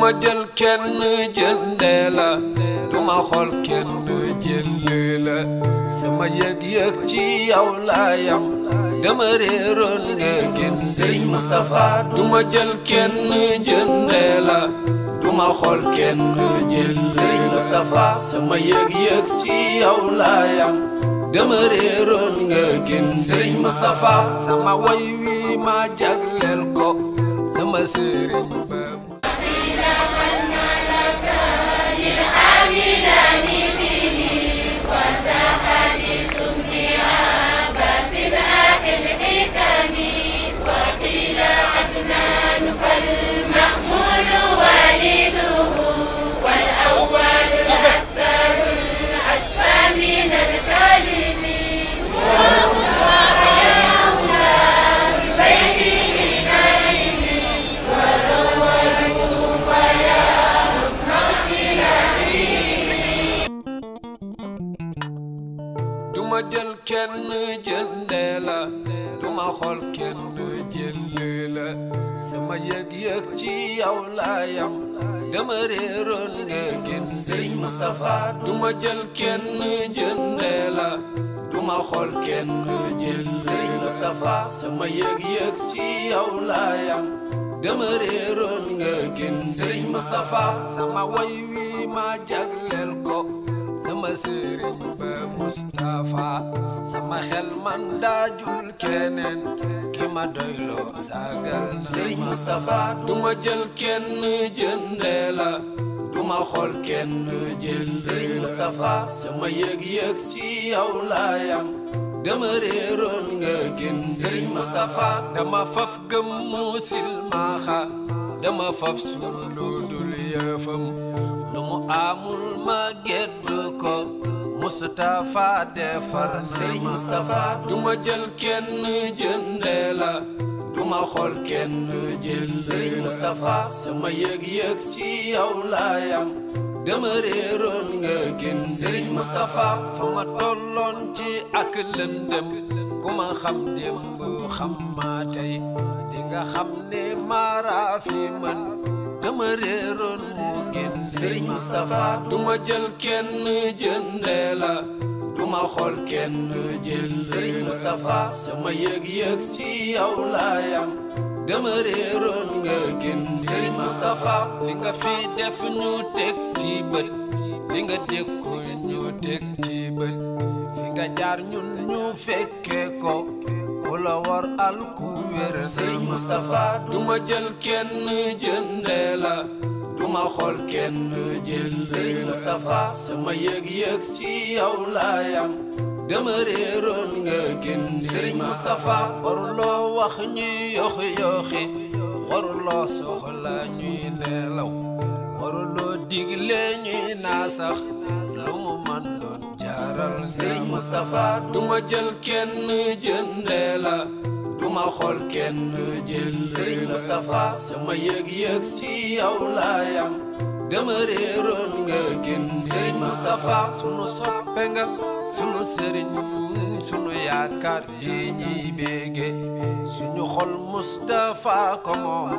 ma jël kenn jëndee la duma xool kenn jëlee la sama yëg-yëg ci yow laa yam dama réeroon gën sëriñ Moustapha duma jël xool kenn jël sëriñ Moustapha sama yëg-yëg ci yow laa yam dama réeroon gën sëriñ Moustapha sama way wi ma jagleel ko sama sëriñ kenn jënde la duma xool kenn jëlle la sama yëg-yëg ci yow laa yam dama réeroon nga gën sëriñ Moustapha duma jël kenn jënde la duma xool kenn jël sëriñ Moustapha sama yëg-yëg ci yow laa yam dama réeroon nga gën sëriñ Moustapha sama way wi ma jagleel ko ma sëriñ ba Mustapha xel man daajul keneen ki ma doyloo sagal sëriñ Mustapha du ma jël kenn jëndee du ma xool kenn jël sëriñ Mustapha sama yëg-yëg ci yow laa yam dama réeroon nga gën sëriñ Mustapha dama faf gëm mu silmaaxa dama faf sur lu dul yëfam amul ma geddu ko Moustapha defar sey Moustapha du ma jël kenn jëndee la du ma xool kenn jël sey Moustapha sama yëg-yëg ci yow laa yam dama nga gën Serigne Moustapha fa ma tolloon ci ak lëndëm ku ma xam démb xam maa tey di nga xam ne maara fi man dama réeroon moo gën sëriñ Moustapha duma jël kenn jëndee la duma xool kenn jël sëriñ Moustapha sama yëg-yëg si yow laa yam dama réeroon nga gën sëriñ Moustapha li nga fi def ñu teg ci bët li nga dékku ñu teg ci bët fi nga jaar ñun ñu fekkee ko ku la war al ku wér sëñ Moustapha du ma jël kenn jëndee du ma xool kenn jël sëñ Moustapha sama yëg-yëg si yow laa yam dama réeroon nga gën sëñ Moustapha waruloo wax ñu yoxi yoxi waruloo soxla ñuy neelaw waruloo digle ñuy naa sax lu mu man doon jaaral sëriñ Moustapha duma jël kenn jëndee la duma xool kenn jël sëriñ Moustapha sama yëg-yëg si yow laa yam dama réeroon nga gën sëriñ Moustapha sunu soppe nga sunu sëriñ sunu yaakaar lii ñuy bége suñu xol Moustapha ko moom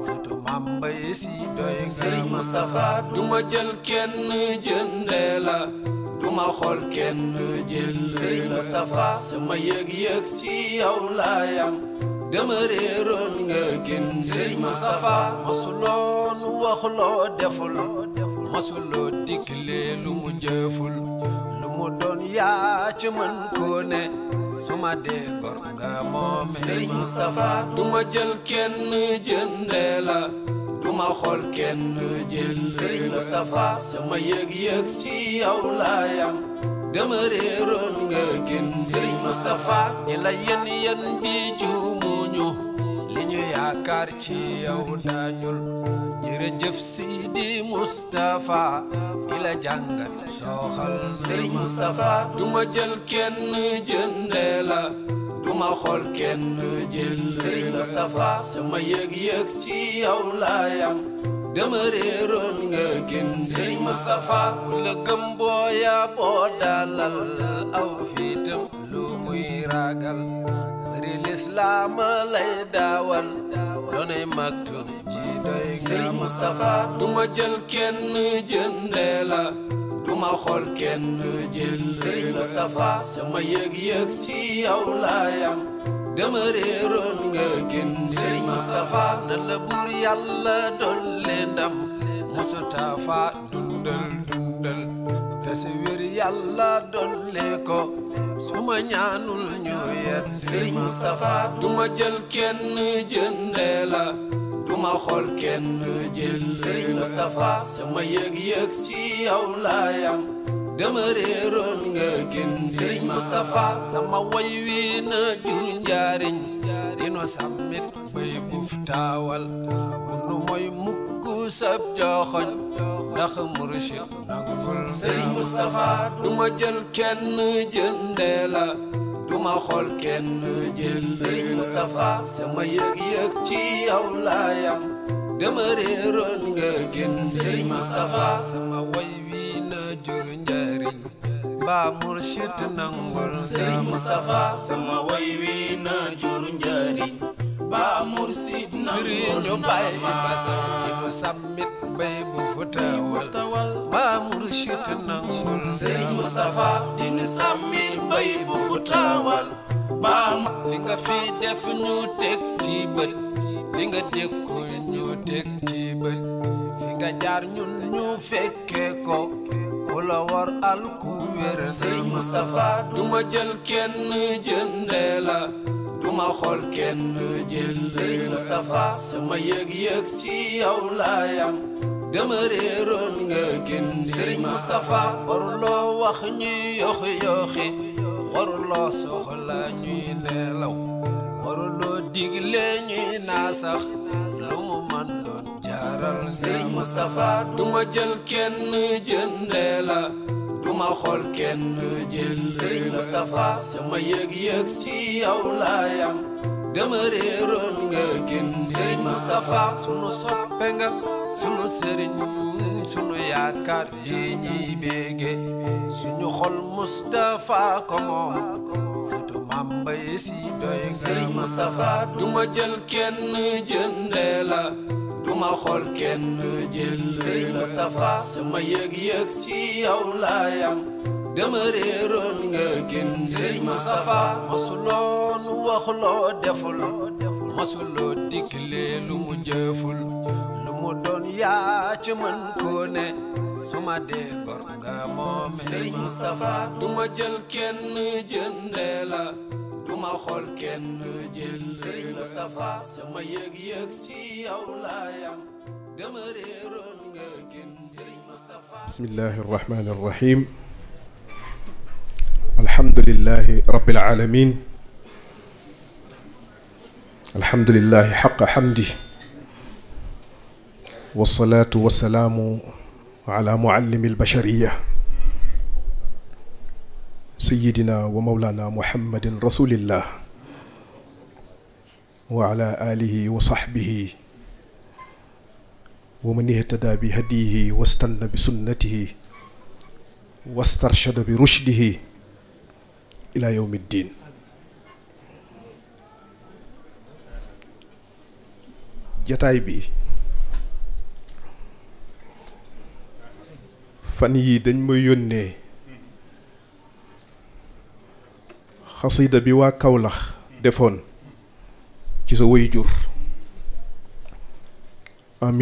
surtout maam Mbaye si doy sëriñ Moustapha duma jël kenn jëndee la duma xool kenn jël sëy Moustapha sama yëg-yëg ci yow laa yam dama réeroon nga gën sëy Moustapha masuloon waxloo deful masuloo digle lu mu jëful lu mu doon yaa ci mën koo su ma dee gor nga moom sëy Moustapha duma jël kenn jëndee la duma xool kenn jël sëriñ Moustapha sama yëg-yëg ci yow laa yam dama réeroon nga gën sëriñ Moustapha ñi la yen yen bi juumuñu li ñu yaakaar ci yow dañul jërëjëf Sidi Moustapha di la jàngal sooxal sëriñ Moustapha duma jël kenn jëndee la duma xool kenn jël Serigne Moustapha sama yëg-yëg ci yow laa yam dama réeroon nga gën Serigne Moustapha ku la gëm booya boo dalal aw fiitam lu muy ragal bari lislaam lay daawal doonay magtum ji doy Serigne Moustapha duma jël kenn jëndee la lu ma xool kenn jël Serigne Moustapha sama yëg-yëg ci yow la yam dama nga gën Serigne Moustapha na la buur yàlla dolli ndam Moustapha dundal dundal te sa wér yàlla ko su ñaanul ñu yet Serigne Moustapha du jël kenn jëndee la duma xool kenn jël Serigne Moustapha sama yëg-yëg si yow laa yam dama réeroon gën Serigne Moustapha sama woy wi na njaariñ dino sàmmit bay buf taawal munu mooy sab joxoñ ndax murshid nangul Serigne Moustapha duma jël kenn jëndee duma xool kenn jël Serigne Moustapha sama yëg-yëg ci yow laa dama réeroon nga gën Serigne Moustapha sama way wi na jur njariñ ba murshid nangul Serigne Moustapha sama way wi na jur njariñ ba murshid nangul Serigne Baye Bassa sammit bay bu futawal ba murshid nangul Serigne Moustapha dina sammit bay bu futawal ba li nga fi def ñu teg ci bët li nga dékku ñu teg ci bët fi nga jaar ñun ñu fekke ko ku la war al ku wér Serigne Moustapha du ma jël kenn jëndee duma xool kenn jël Serigne Moustapha sama yëg-yëg ci yow laa yam dama réeroon nga gën Serigne Moustapha waruloo wax ñuy yoxi yoxi waruloo soxla ñuy nelaw waruloo digle ñuy naa sax lu man doon jaaral Serigne Moustapha duma jël kenn jëndee la sama xol kenn jël sëriñ Moustapha sama yëg-yëg si yow laa yam dama réeroon nga gën sëriñ Moustapha sunu soppe nga sunu sëriñ sunu suñu xol Moustapha ko moom surtout maam Mbaye si doy sëriñ Moustapha du ma jël kenn jëndee la bu ma xool kenn jël Serigne Moustapha sama yëg-yëg si yow laa yam dama réeroon nga gën Serigne Moustapha masuloon waxloo deful masuloo digle lu mu jëful lu mu doon yaa ci mën koo ne su dee gor nga moom Serigne Moustapha du ma jël kenn jëndee la du ma xool kenn jël Serigne Moustapha sama yëg-yëg si yow laa yam dama réeroon nga gën Serigne Moustapha bismillahi arrahmani arrahim alhamdulilahi rabbil alamin alhamdulilahi xaqa xamdi wasalaatu wasalaamu ala muallimi albashariya sayidina wa mawlana muhammadin rasulillah wa ala alihi wa sahbihi wa man ihtada bi hadiyihi wastanna bi sunnatihi wastarshada bi rushdihi ila yawmi ddin jataay bi fan yi dañ may yónnee xasida bi waa Kawlax defoon ci sa woy jur en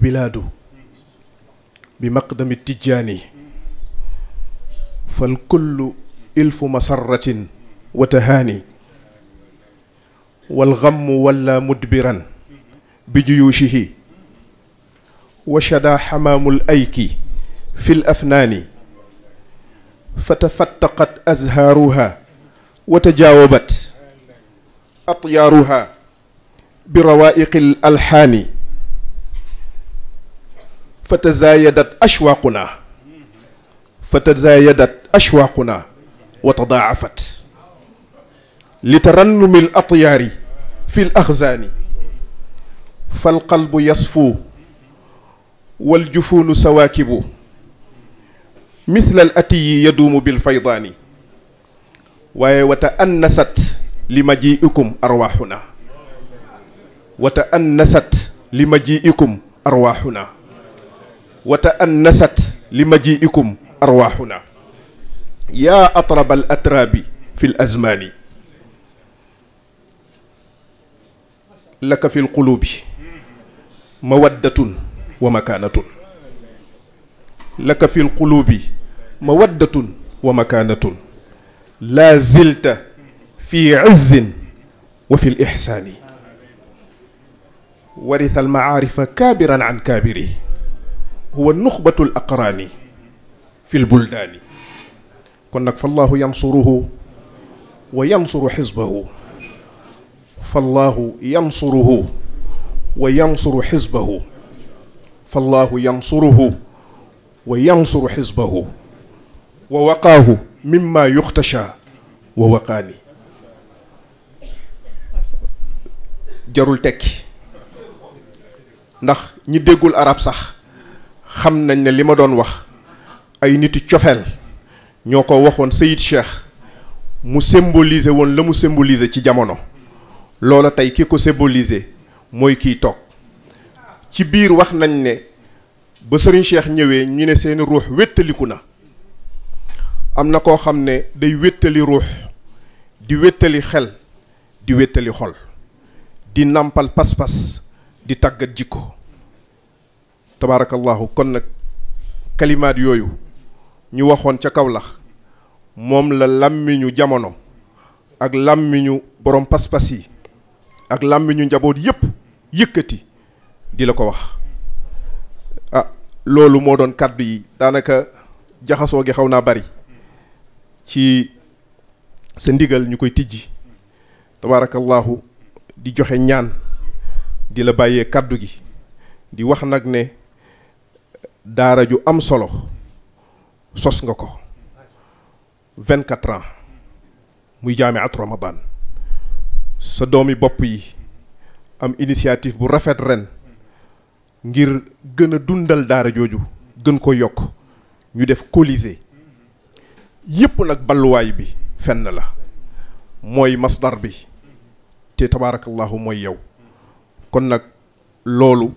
bilaadu bi maqdami tijjaani fal kullu ilfu masarratin wa tahaani wal gammu walla mudbiran bi juyuushihi wa shada ayki fi l afnaani fa tafattaqat azhaaruha wa tajaawabat atyaaruha bi rawaiqi l alxaani fa tazaayadat ashwaaquna fa tazaayadat ashwaaquna wa tadaacafat li tarannumi l atyaari fi l axzaani falqalbu yasfu waljufuunu sawaakibu mislal atiyi yaduumu bil faydaani waaye wata annasat li ma ji ikum arwaaxuna wata annasat li ma ji ikum arwaaxuna wata annasat li ma ji ikum arwaaxuna yaa atrabal atraabi fi l azmaani laka fi l quluubi mawaddatun wa makaanatun laka fi lquluubi mawaddatun wa makaanatun laa zilta fi izzin wa fi lixsaani warita almacaarifa kaabiran an kaabiri huwa nuxbatu laqraani fi lbuldaani kon nag fallaahu yansuruhu wa yansuru xisbahu fallaahu yansuruhu wa yansuru xisbahu fallaahu yansuruhu wa yansuru xisbahu wa waqaahu mimma yuxtasha wa waqaani jarul tekki ndax ñi déggul arab sax xam nañ ne li ma doon wax ay niti cofeel ñoo ko waxoon Sayid Cheikh mu symboliser woon la mu symboliser ci jamono loola tey ki ko symboliser mooy kiy toog ci biir wax nañ ne ba sëriñ Cheikh ñëwee ñu ne seeni ruux wéttaliku na am na koo xam ne day wéttali ruux di wéttali xel di wéttali xol di nàmpal pas-pas di tàggat jikko tabaarakallaahu kon nag kalimaat yooyu ñu waxoon ca kawlax moom la làmmiñu jamono ak làmmiñu borom pas-pas yi ak làmmiñu njaboot yépp yëkkati di la ko wax loolu moo doon kàddu yi daanaka jaxasoo gi xaw naa bari ci sa ndigal ñu koy tijji tabaarakallaahu di joxe ñaan di la bàyyee kàddu gi di wax nag ne daara ju am solo sos nga ko vingt quatre ans muy jaamiat Ramadan sa doomi bopp yi am initiative bu rafet ren ngir gën a dundal daara jooju gën ko yokk ñu def colisée yépp nag balluwaay bi fenn la mooy masdar bi te tabaarakallahu mooy yow kon nag loolu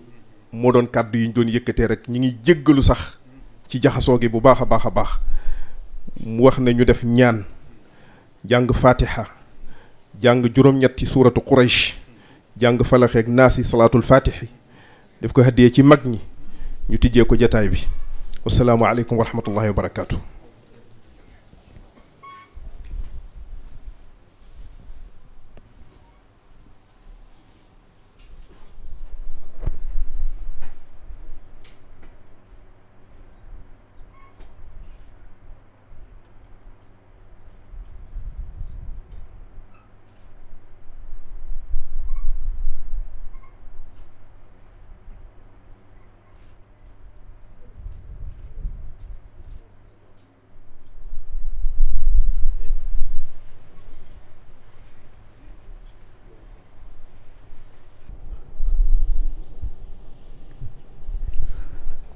moo doon kàddu yi ñu doon yëkkatee rek ñi ngi jéggalu sax ci jaxasoo gi bu baax a baax a baax mu wax ne ñu def ñaan jàng fatiha jàng juróom-ñetti suuratu quraysh jàng falaxeeg naasi salaatul fatihi def ko haddiyee ci mag ñi ñu tijjee ko jataay bi wasalaamualeykum wa rahmatullahi wa barakaatu.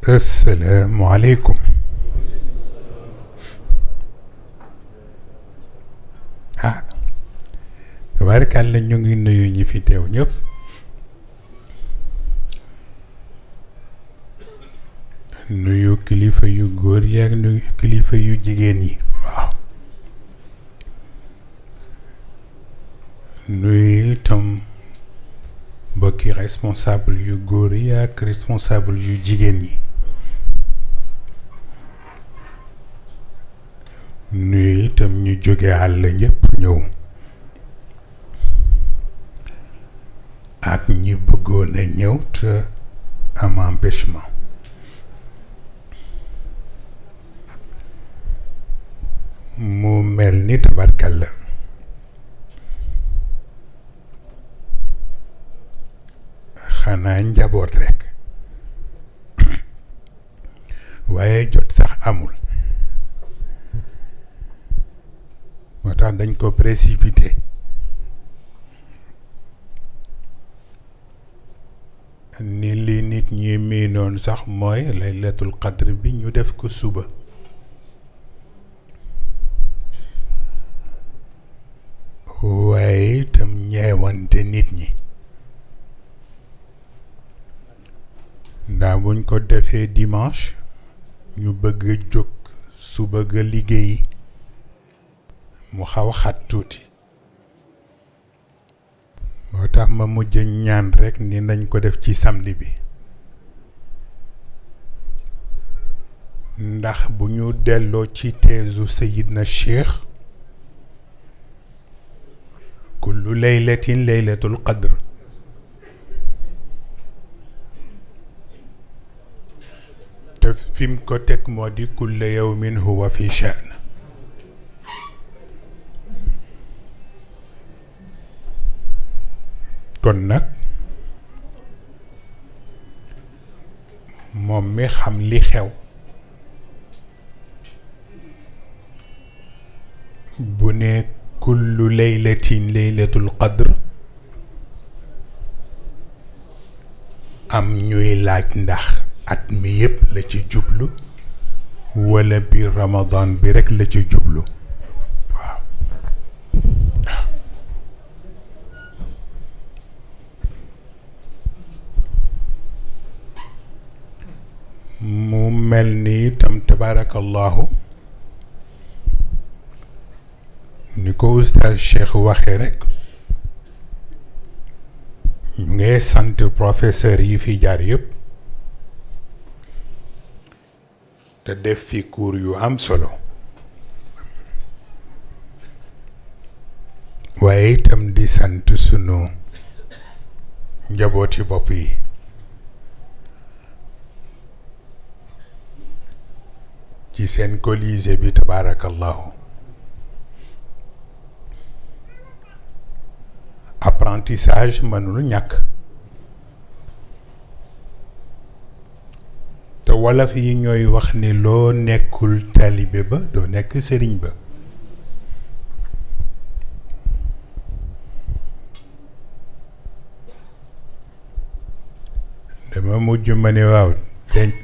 asalaamu aleykum ah tabaarkàlla ñu ngi nuyu ñi fi teew ñëpp nuyu kilifa yu góor yi ak nuyu kilifa yu jigéen yi waaw nuyu itam mbokki responsable yu góor yi ak responsable yu jigéen yi nuyu tam ñu jóge àll ñëpp ñëw ak ñi bëggoon a ñëw te am empêchement mu mel ni tabarkal la xanaa njaboot rekk waaye jot sax amul moo tax dañ ko précipité ni li nit ñi miinoon sax mooy laylatul qadr bi ñu def ko suba waaye itam ñeewante nit ñi ndaa buñ ko defee dimanche ñu bëgg a jóg suba ga liggéeyi mu xaw xat tuuti moo tax ma mujj ñaan rekk ni nañ ko def ci samedi bi ndax bu ñu delloo ci teesu sayidna cheikh kullu laylatin laylatul qadr te fi ko teg moo di kullu yawmin huwa fi sha'n kon nag moom mi xam li xew bu ne kullu laylatin laylatul qadr am ñuy laaj ndax at mi yépp la ci jublu wala biir ramadan bi rekk la ci jublu mel ni itam tabaarakallahu ni ko oustaz Cheikh waxee rek ñu ngay sant professeur yi fi jaar yépp te def fi cours yu am solo waaye itam di sant sunu njabooti bopp yi ci seen colisée bi tabaarakallahu apprentissage mënul ñàkk te wolof yi ñooy wax ni loo nekkul taalibe ba doo nekk sëriñ ba dama mujj ma ne waaw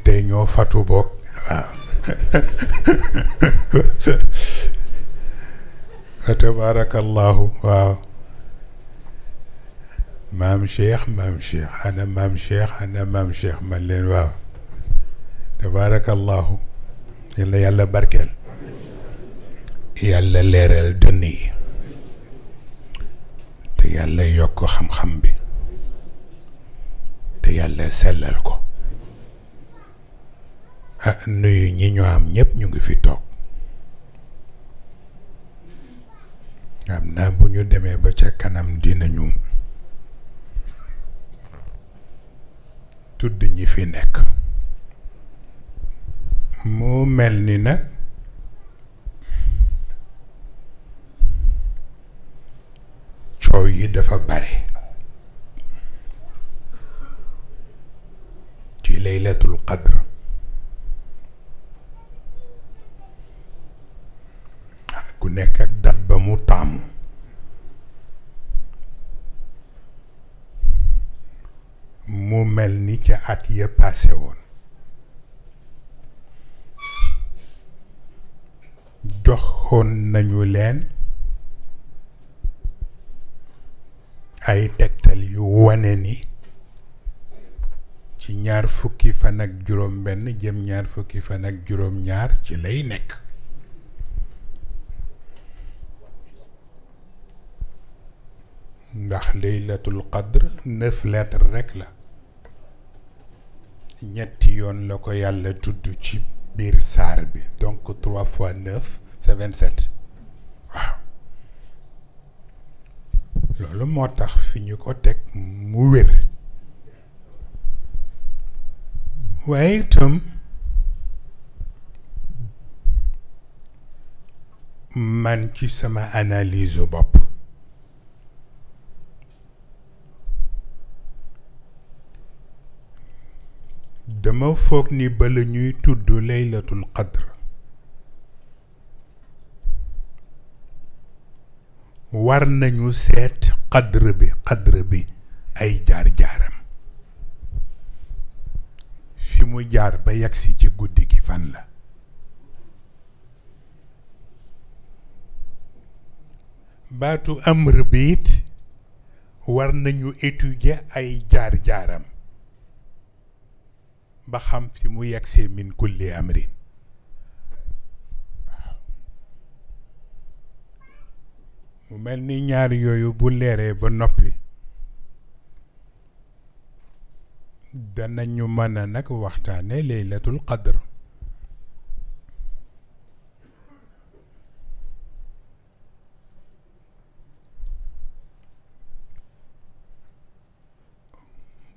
te ñoo fatu boog waaw fa tabarakallahu waaw maam cheikh maam cheikh ana maam cheikh ana maam cheikh man leen tabarakallahu yal na yàlla barkeel yàlla leeral dënn yi te yàlla yokk xam-xam bi te yàlla sellal ko Ah, nuyu ñi ñu am ñëpp ñu ngi fi toog am na bu ñu demee ba ca kanam dinañu tudd ñi fi nekk mu mel ni nag coow yi dafa bare ci laylatul qadr ku nekk ak dat ba mu tàmm mu mel ni ca at ya passé woon joxoon nañu leen ay tegtal yu wane ni ci ñaar fukki fan ak juróom benn jëm ñaar fukki fan ak juróom ñaar ci lay nekk ndax laylatul qadr neuf lettres rekk la ñetti yoon la ko yàlla tudd ci biir saar bi donc trois fois neuf c'est vingt-sept waaw loolu moo tax fi ñu ko teg mu wér waaye itam man ci sama analyse bopp dama foog ni bala ñuy tudd laylatul qadr war nañu seet qadr bi qadr bi ay jaar-jaaram fi mu jaar ba yagsi ci guddi gi fan la baatu amr bi war nañu étudier ay jaar-jaaram ba xam fi mu yegsee min kulli amri mu mel ni ñaar yooyu bu leeree ba noppi ñu mën a nag waxtaane laylatul qadr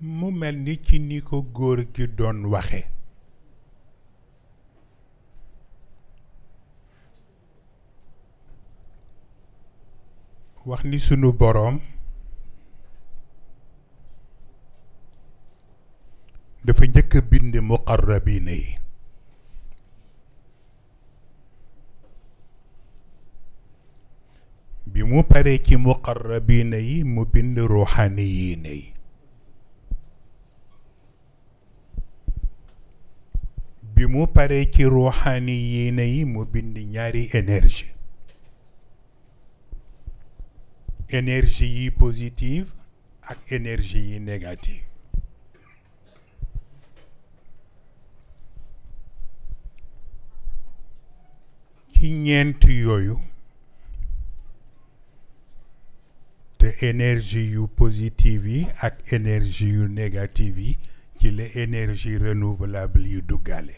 mu mel ni ci ni ko góor gi doon waxe wax ni sunu boroom dafa njëkk a bind muqarrabiina yi bi mu paree ci muqarrabiina yi mu bind ruuxaaniyiina yi bi mu paree ci ruuxaani yi na yi mu bind ñaari énergie énergie yi positive ak énergie yi négative ci ñeent yooyu te énergie yu positive yi ak énergie yu négative yi ci la énergie renouvelable yu duggaale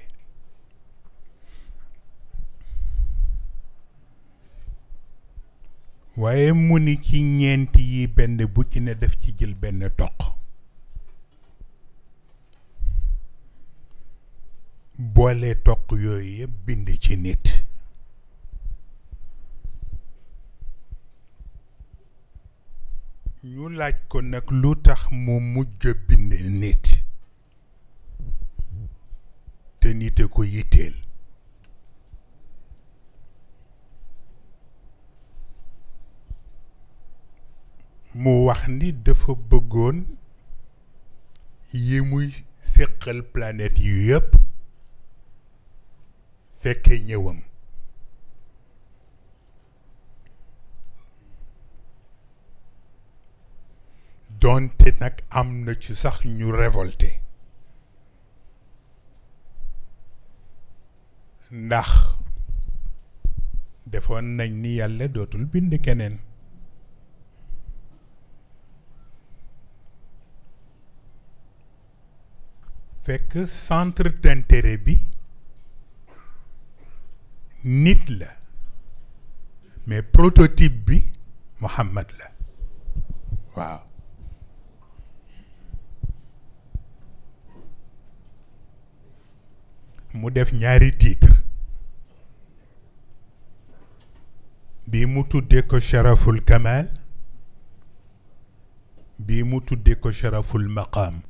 waaye mu ni ci ñeent yi benn bu ci ne def ci jël benn toq boole toq yooyu yëpp bind ci nit ñu laaj ko nag lu tax mu mujj bind nit te nite ko yitteel mu wax ni dafa bëggoon yi muy séqal planète yu yëpp fekkee ñëwam doonte nag am na ci sax ñu révolté ndax defoon nañ ni yàlla dootul bind keneen fekk centre d'intérêt bi nit la mais prototype bi Muhammad la waaw mu def ñaari titre bii mu tuddee ko Sharaful Kamal bii mu tuddee ko Sharaful Maqaam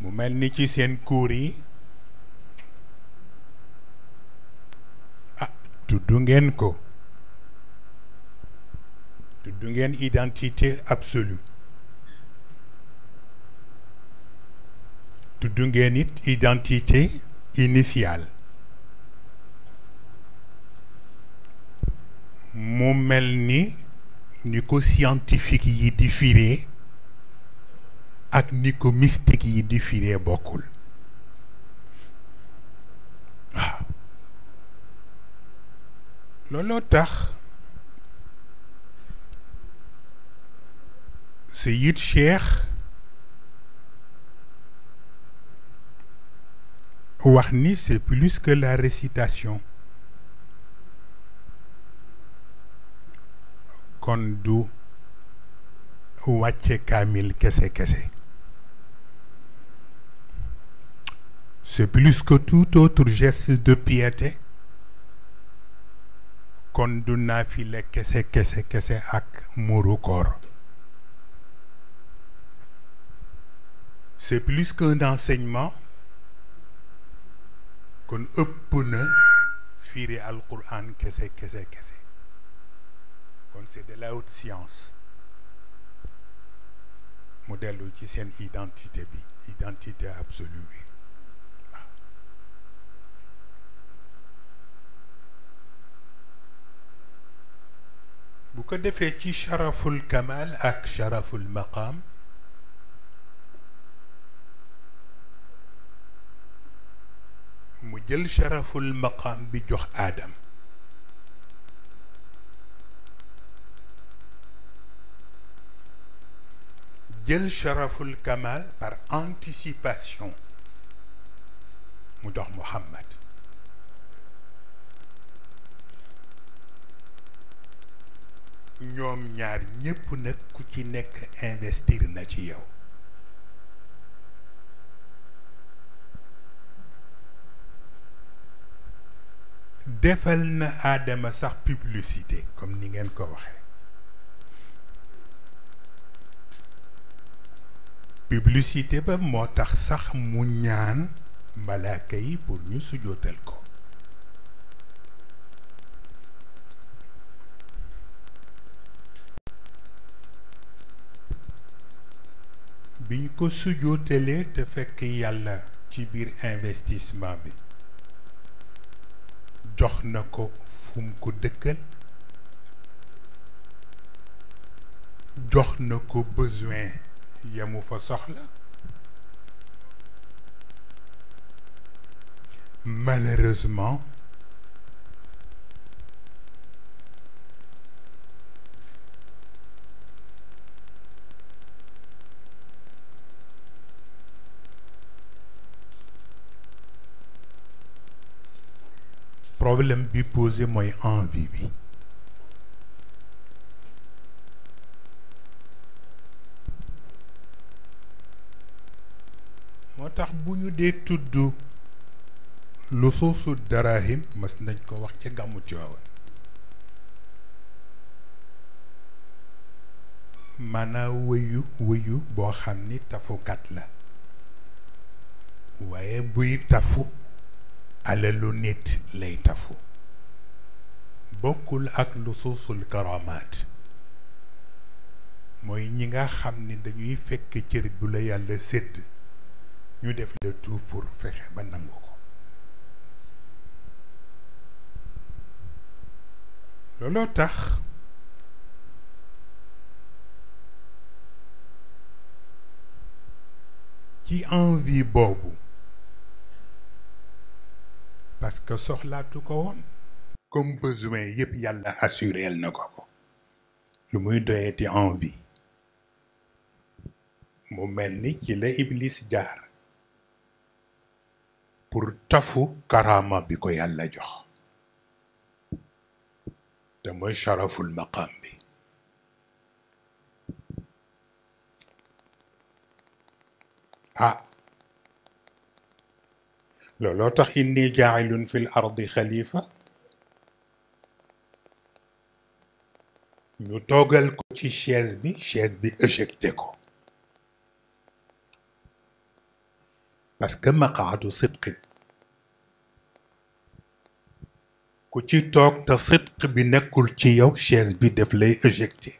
mu mel ni ci seen kuur yi ah tudd ngeen ko tudd ngeen identité absolue tudd ngeen it identité initiale mu mel ni ni ko scientifique yi di firee ak ni ko mystique yi di firee bokkul waaw looloo tax Seyid Cheikh wax ni c'est plus que la récitation kon du wàcce kaamil kese kese c'est plus que tout autre geste de piété kon du naafile kese kese kese ak muuru koor c'est plus qu'un enseignement kon ëpp na fiiri alquran kese kese kese kon c'est de la haute science mu dellu ci seen identité bi identité absolue bi bu ko defee ci sharaful kamal ak sharaful maqaam mu jël sharaful maqaam bi jox aadam jël sharaful kamal par anticipation mu dox muhammad ñoom ñaar ñépp nag ku ci nekk investir na ci yow defal na aadama sax publicité comme ni ngeen ko waxe publicité ba moo tax sax mu ñaan malaaka yi pour ñu sujootal ko biñ ko sujootalee te fekk yàlla ci biir investissement bi jox na ko fu ko dëkkal jox na ko besoin yamu fa soxla malheureusement problème bi posé mooy envie bi moo tax bu ñu dee tudd lu suusu darahim mas nañ ko wax ci gàmmu Tiwaawan maanaam wëyu wëyu boo xam ni tafukat la waaye buy tafu alalu nit lay tafu bokkul ak lusuusul karamaat mooy ñi nga xam ni dañuy fekk cër bu la yàlla sédd ñu def le tout fexe ba nangu ko looloo tax ci envie boobu parce que soxlaatu ko woon comme besoin yëpp yàlla assureel na ko ko lu muy doyati envie mu mel ni ci la iblis jaar pour tafu karama bi ko yàlla jox te mooy sharaful bi ah looloo tax inni jaailun fi l ardi xalifa ñu toogal ko ci chaise bi chaise bi éjecté ko parce que maqaadu sidqin ku ci toog te sidq bi nekkul ci yow chaise bi def lay éjecté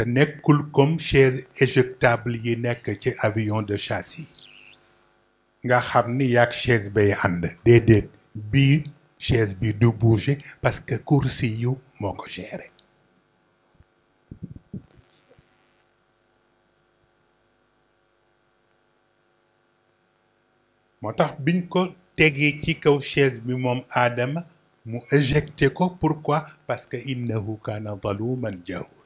te nekkul comme chaise éjectable yi nekk ci avion de chasse nga xam ni yaag chaise bay ànd déedéet bii chaise bi du bouger parce que course yu moo ko géré moo tax biñ ko tegee ci kaw chaise bi moom aadama mu éjecté ko pourquoi parce que innahu kana zaluman jahula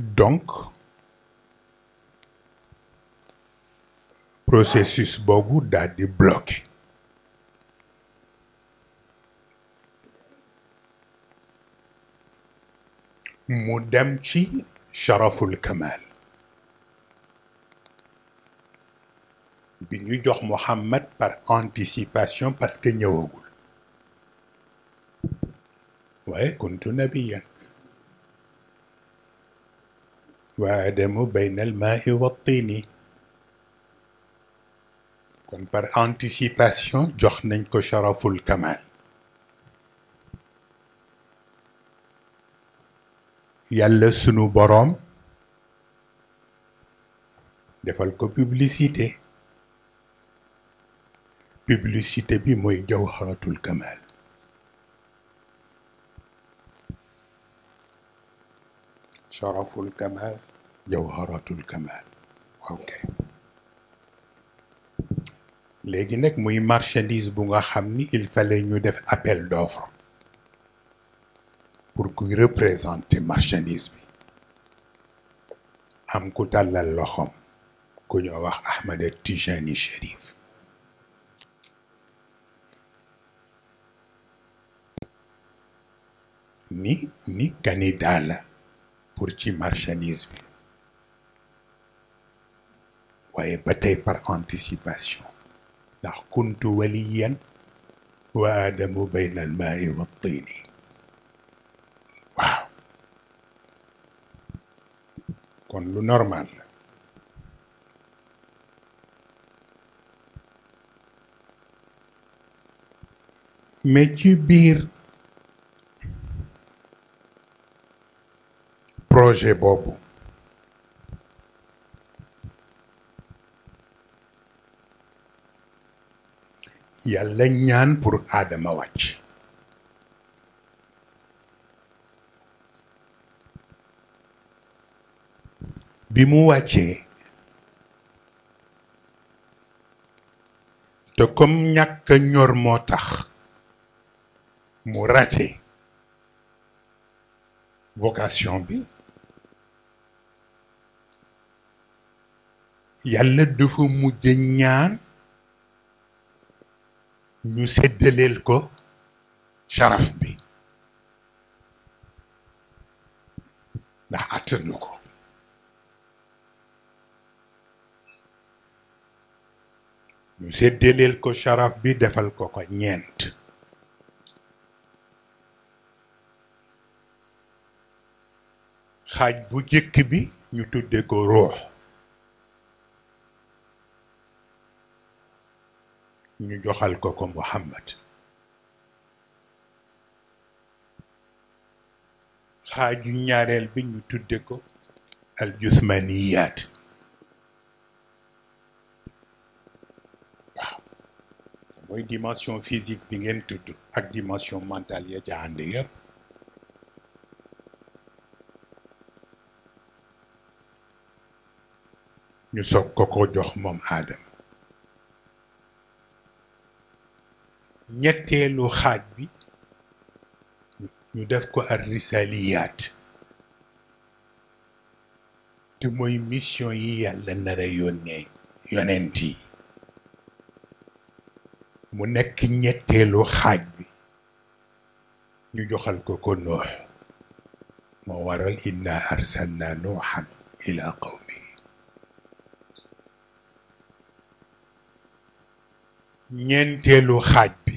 donc procesus boobu daal di bloqué mu dem ci sharaful kamal bi ñu jox Muhammad par anticipation parce que ñëwagul waaye kuntu nabiyan wa adamu bayna al maai wa tiini kon par anticipation jox nañ ko charaful kamal yàlla sunu boroom defal ko publicité publicité bi mooy jawharatul kamal charaful kamal jawharatul kamal waaw kay léegi nag muy marchandise bu nga xam ni il fallait ñu def appel d'offre pour ku représenter marchandise bi am ku tàllal loxoom ku ñu wax Ahmed Tijani Chérif ni ni candidat la pour ci marchandise bi waaye ba tey ndax kuntu waliyan wa aadamu bayna al wa tiini waaw lu normal la mais ci biir projet boobu yàlla ñaan pour aadama wàcc bi mu wàccee te comme ñàkk ñor moo tax mu raté vocation bi yàlla dafa mujj ñaan ñu séddaleel ko sharaf bi ndax àttanu ko ñu séddaleel ko sharaf bi defal ko ko ñeent xaaj bu jëkk bi ñu tudde ko ruux ñu joxal ko ko Muhammad xaaju ñaareel bi ñu tudde ko al jusmaniyaat waaw mooy dimension physique bi ngeen tudd ak dimension mentale ya ca yëpp ñu soog ko ko jox moom aadama ñetteelu xaaj bi ñu def ko ar risaliyaat te moy mission yi yàlla nara yónnee yonent yi mu nekk ñetteelu xaaj bi ñu joxal ko ko noox moo waral inna arsalna nuuxan ila qawmihi ñeenteelu xaaj bi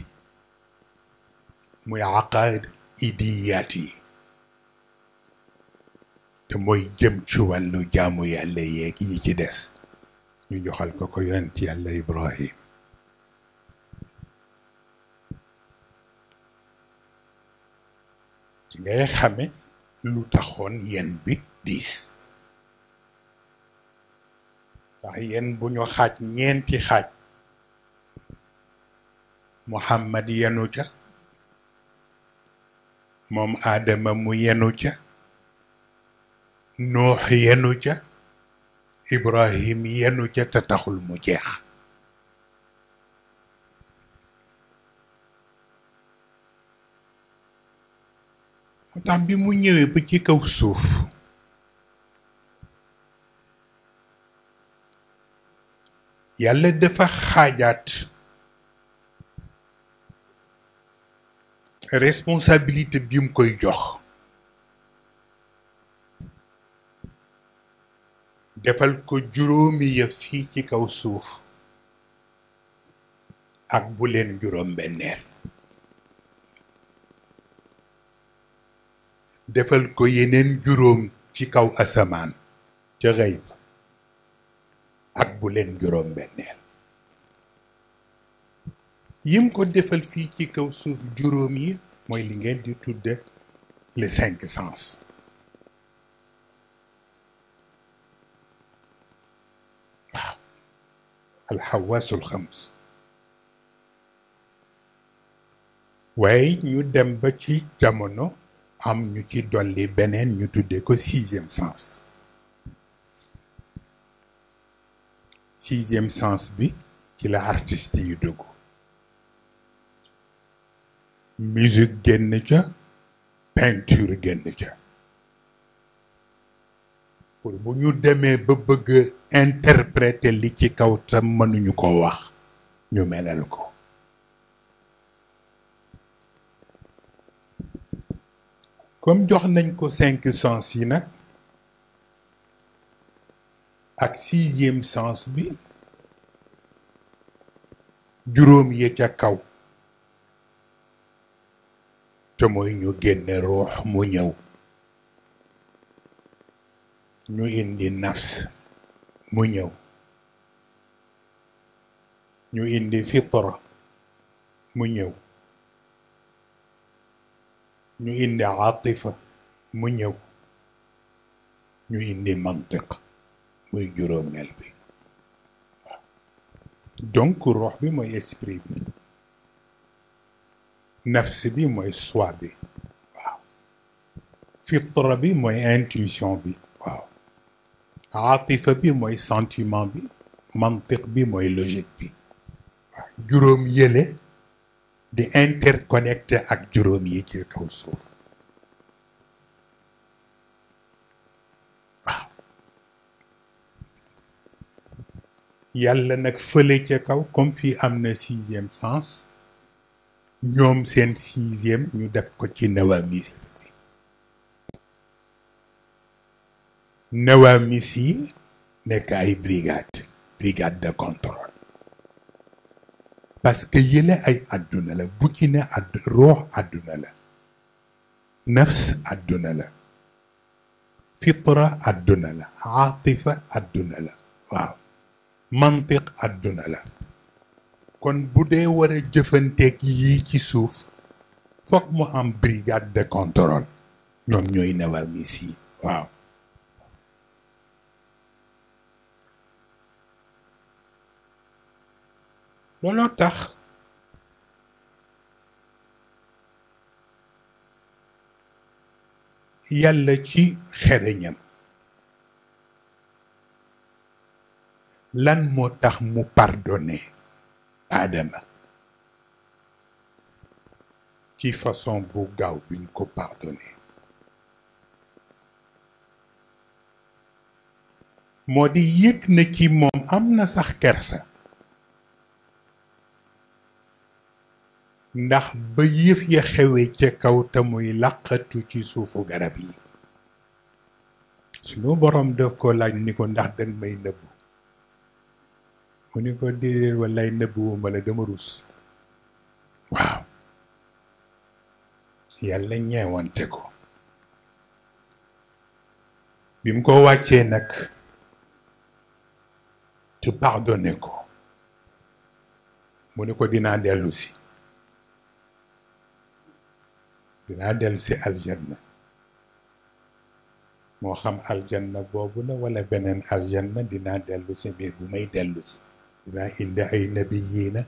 muy aqaidiyaat yi te mooy jëm ci wàllu jaamu yàlla yeeg yi ci des ñu joxal ko ko yonent yàlla Ibrahim ci ngay xame lu taxoon yen bi diis ndax yen bu ñu xaaj ñeenti xaaj muhammad yenu ca moom aadama mu yenu ca nuux yenu ca ibrahim yenu ca te taxul mu jeex moo tax bi mu ñëwee ba ci kaw suuf yàlla dafa xaajaat responsabilité bi mu koy jox defal ko juróomi yëf fii ci kaw suuf ak bu leen juróom benneel defal ko yeneen juróom ci kaw asamaan ca xëy ak bu leen juróom benneel yim ko defal fii ci kaw suuf juróom yi mooy li ngeen di tudde les cinq sens waaw xams waaye ñu dem ba ci jamono am ñu ci beneen ñu tuddee ko sixième sens sixième sens bi ci la artiste yi dugg musique génn ca peinture génn ca pour bu ñu demee ba bëgg interpréter li ci kaw tam mënuñu ko wax ñu melal ko comme jox nañ ko cinq sens yi nag ak sixième sens bi juróom ya ca kaw te mooy ñu génne ruux mu ñëw ñu indi nafs mu ñëw ñu indi fitra mu ñëw ñu indi atifa mu ñëw ñu indi mantiq muy juróomeel bi donc ruux bi mooy esprit bi nafs bi mooy soi bi waaw fitra bi mooy intuition bi waaw aatifa bi mooy sentiment bi mantiq bi mooy logique bi juróom yële di interconnecté ak juróom yi ci kaw suuf waaw nag fële ca kaw comme fii am na sixième sens ñoom seen sixième ñu def ko ci nawaamis yi nawaamis yi nekk ay brigade brigade de contrôle parce que yële ay àdduna la bu ci ne àdd roox àdduna la nafs àdduna la fitra àdduna la waaw mantiq àdduna la kon bu dee war a jëfanteeg yii ci suuf fook mu am brigade de contrôle ñoom ñooy newal mi si waaw looloo tax yàlla ci xereñam lan moo tax mu pardonné aadama ci façon bu gaaw biñ ko pardonné moo di yëg na ci moom am na sax kersa ndax ba yëf ya xewee ca kaw te muy làqatu ci suufu garab yi sunu boroom daf ko laaj ni ko ndax danga may nëbbu mu ni ko déedéet wallaay nëbbuwuma la dama rus waaw yàlla ñeewante ko bi ko wàccee nag te pardonné ko mu ni ko dinaa dellusi si dinaa dellu si aljanna moo xam aljanna boobu la wala beneen aljanna dinaa dellu si biir bu may dellusi naa indi ay nabiyiina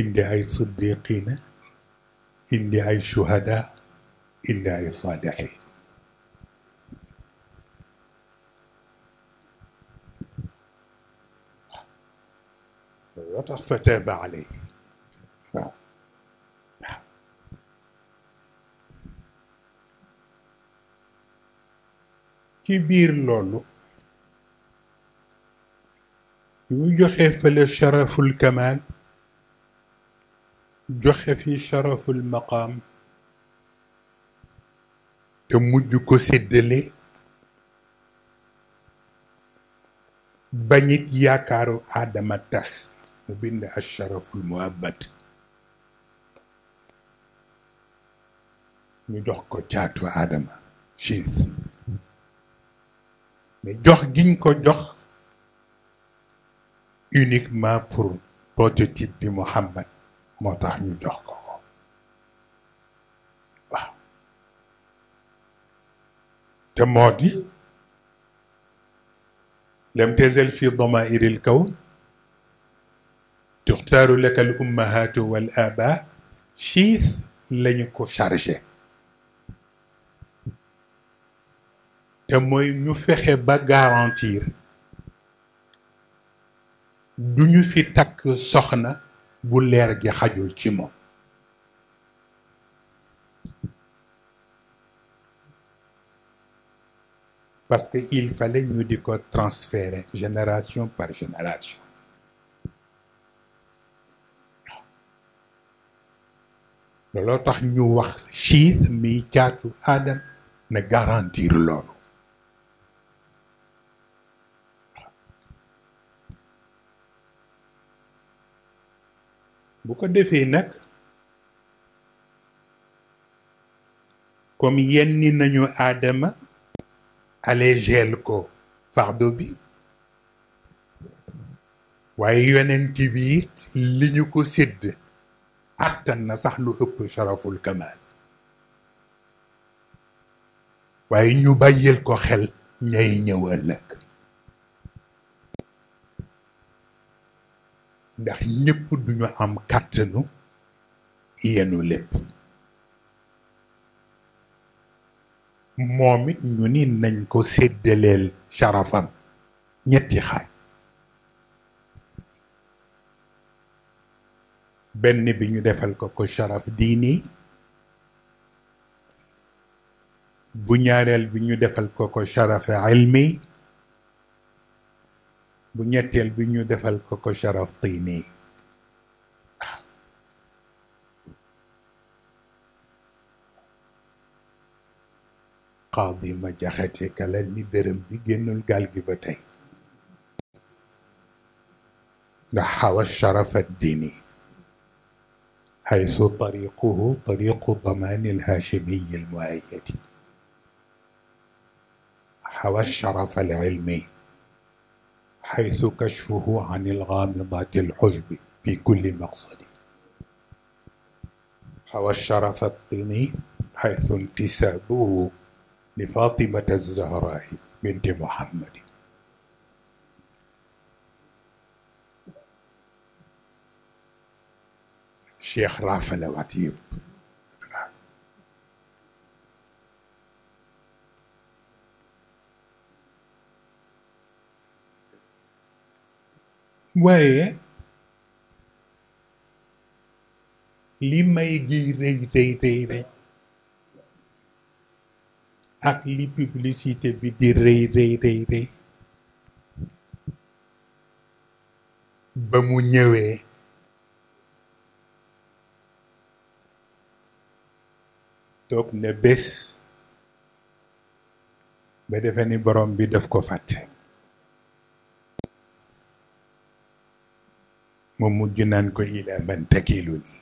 indi ay siddiqiina indi ay shuhada indi ay saalixiin moo tax fa taaba alayhi waaw waaw ci biir loolu bi mu joxee fële sharaful kamal joxe fi sharaful maqaam te mujj ko séddale bañit yaakaaru aadama tas mu bind ak sharaful muhabbat ñu jox ko caatu aadama chiis mais jox giñ ko jox uniquement pour prototype bi Muhammad moo tax ñu jox ko ko te moo di lam tazal fi damairi l kawn tuxtaaru laka al ummahatu wal aba chiis lañu ko chargé te mooy ñu fexe ba garantir du ñu fi takk soxna bu leer gi xajul ci moom parce que il fallait ñu di ko transférer génération par génération looloo tax ñu wax chiit mi caatu aadam na garantir loolu bu ko defee nag comme yenni nañu aadama allégeel ko fardo bi waaye yonent bi it li ñu ko sédd àttan na sax lu ëpp sharaful kamal waaye ñu bàyyil ko xel ñay ñëw ëllëg ndax ñëpp duñu am kàttanu yenu lépp moom it ñu ni nañ ko séddaleel carafam ñetti xaaj benn bi ñu defal ko ko caraf diini bu ñaareel bi ñu defal ko ko caraf ilmi bu ñetteel bi ñu defal ko ko Sharaf Tini xaadi ma jaxate kala ni dërëm bi génnul gaal gi ba tey ndax xawa Sharaf Tini haysu tariquhu tariqu damaani alhaashimiyi almuayyadi xawa Sharaf alilmi حيث كشفه عن الغامضات الحجب في كل مقصد حوى الشرف الطيني حيث انتسابه لفاطمة الزهراء بنت محمد الشيخ رافع الوعتيب waaye li may gi rëy rëy rëy ak li publicité bi di rëy rëy rëy ba mu ñëwee toog na bés ba defe ni borom bi daf ko fàtte mu mujj naan ko ila man takilu nii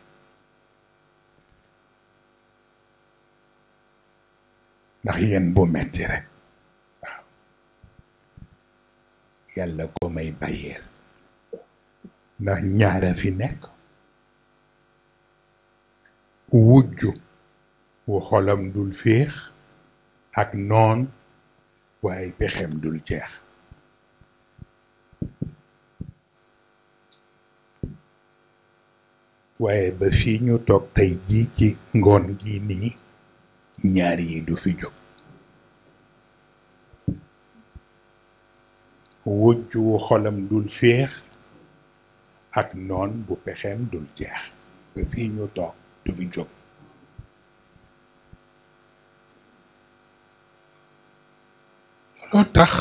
ndax yéen bu metti rek yàlla ko may bàyyeel ndax ñaara fi nekk wujju wu xolam dul féex ak noon waaye pexem dul jeex waaye ba fii ñu toog tey jii ci ngoon gi nii ñaar yi du fi jóg wujj wu xolam dul féex ak noon bu pexeem dul jeex ba fii ñu toog du fi jóg loo tax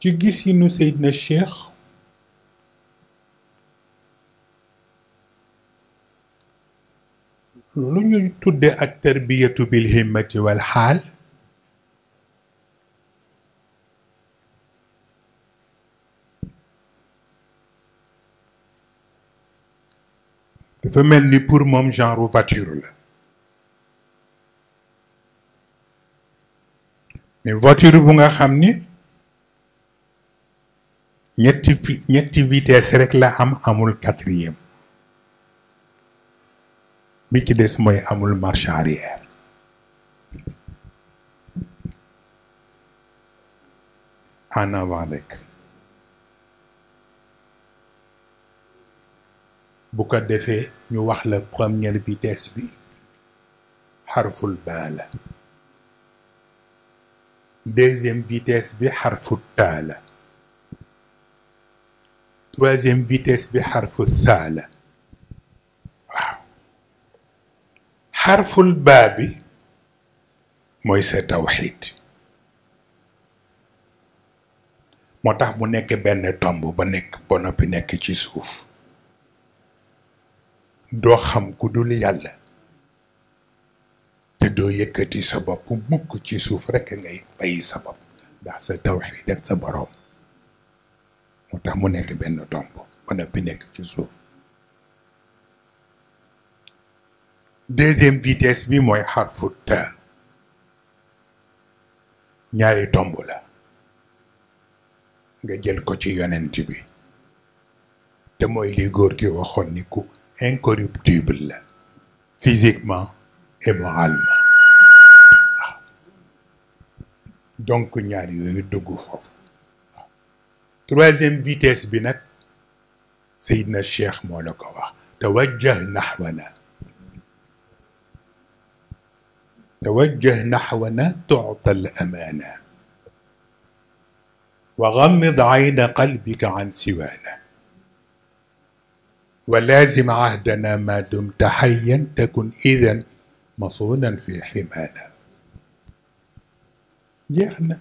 ci gisinu Seydina Cheikh lu ñuy tudde ak tarbiyatu bil himmati wal xaal dafa mel ni pour moom genre voiture la mais voiture bu nga xam ni ñetti vi vitesse rek la am amul quatrième bi ci des mooy amul marche arrière en avant rek bu ko defee ñu wax la première vitesse bi xarful baa la deuxième vitesse bi xarful taa la troisième vitesse bi xarfu saa la waaw xarful baa bi mooy sa tawxiid moo tax mu nekk benn tomb ba nekk ba noppi nekk ci suuf doo xam ku dul yàlla te doo yëkkati sa bopp mukk ci suuf rekk ngay bàyyi sa bopp ndax sa tawxiid sa boroom tax mu nekk benn tomb ba bi nekk ci suuf deuxième vitesse bi mooy xarfu ta ñaari tomb la nga jël ko ci yonent bi te mooy li góor gi waxoon ni ku incorruptible la physiquement et moralement waaw donc ñaar yooyu dugg foofu troisième vitesse bi nag Seydina Cheikh moo la ko wax tawajjah naxwana tawajjah naxwana tuta al amaana wa gammid ayna qalbika an siwaana wa laazim ahdana ma dumta hayyan takun idan masuunan fi ximaana jeex na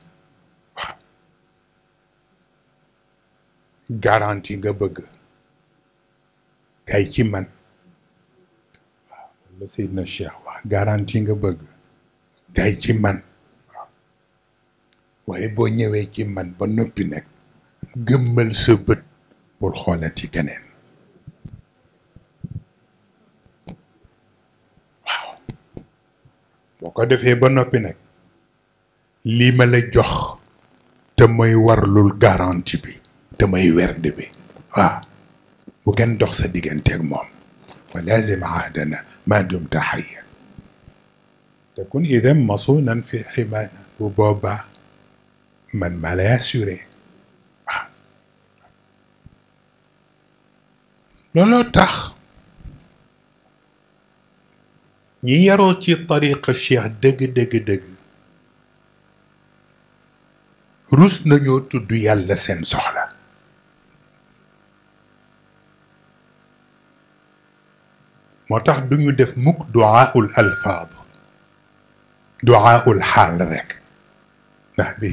garantie nga bëgg kay ci man waaw la Seydina Cheikh wax garantie nga bëgg kay ci man waaw waaye boo ñëwee ci man ba noppi nag gëmmal sëbët bët pour ci keneen boo ko defee ba noppi nag lii ma jox te mooy warlul garantie bi te may werd bi waaw bu kenn dox sa digganteeg moom wa lazim ahdana maa dumta xayya takun idan masunan fi ximaana bu booba man maa lay assuré looloo tax ñi yaroo ci tariqa cheikh dëgg dëgg dëgg rus nañoo tudd yàlla seen soxla moo tax du ñu def mukk duaaul alfaad duaaul xaal rek ndax bi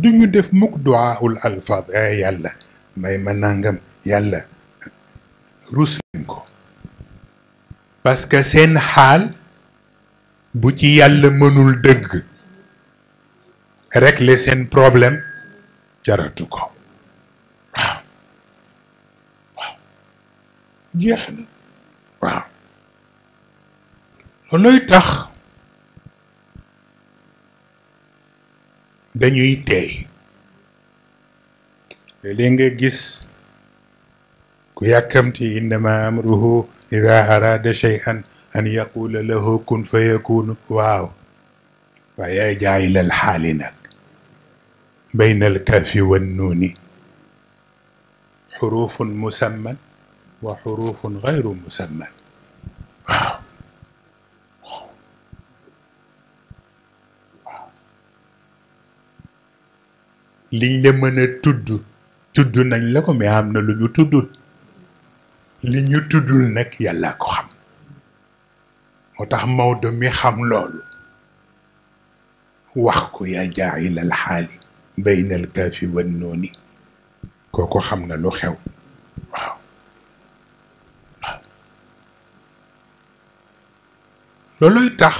du ñu def mukk duaaul alfaad eh yàlla may ma nangam yàlla rus nañ ko parce que seen xaal bu ci yàlla mënul dëgg régler seen problème jaratu ko waaw waaw jeex na waaw tax dañuy teey léeg-léeg nga gis ku yàkkamti innama amruhu ida arada shay'an an yaqula lahu kun fa yakunu waaw waaye yaay jaay lal xaali nag بين الكاف والنون حروف مسمى وحروف غير مسمى liñ la mën a tudd tudd nañ la ko mais am na lu ñu tuddul li ñu tuddul nag yàlla ko xam moo tax Maodo mi xam loolu wax ko yaa jaa'ilal xaali baynal kaafi wan nooni kooku xam na lu xew waaw waaw tax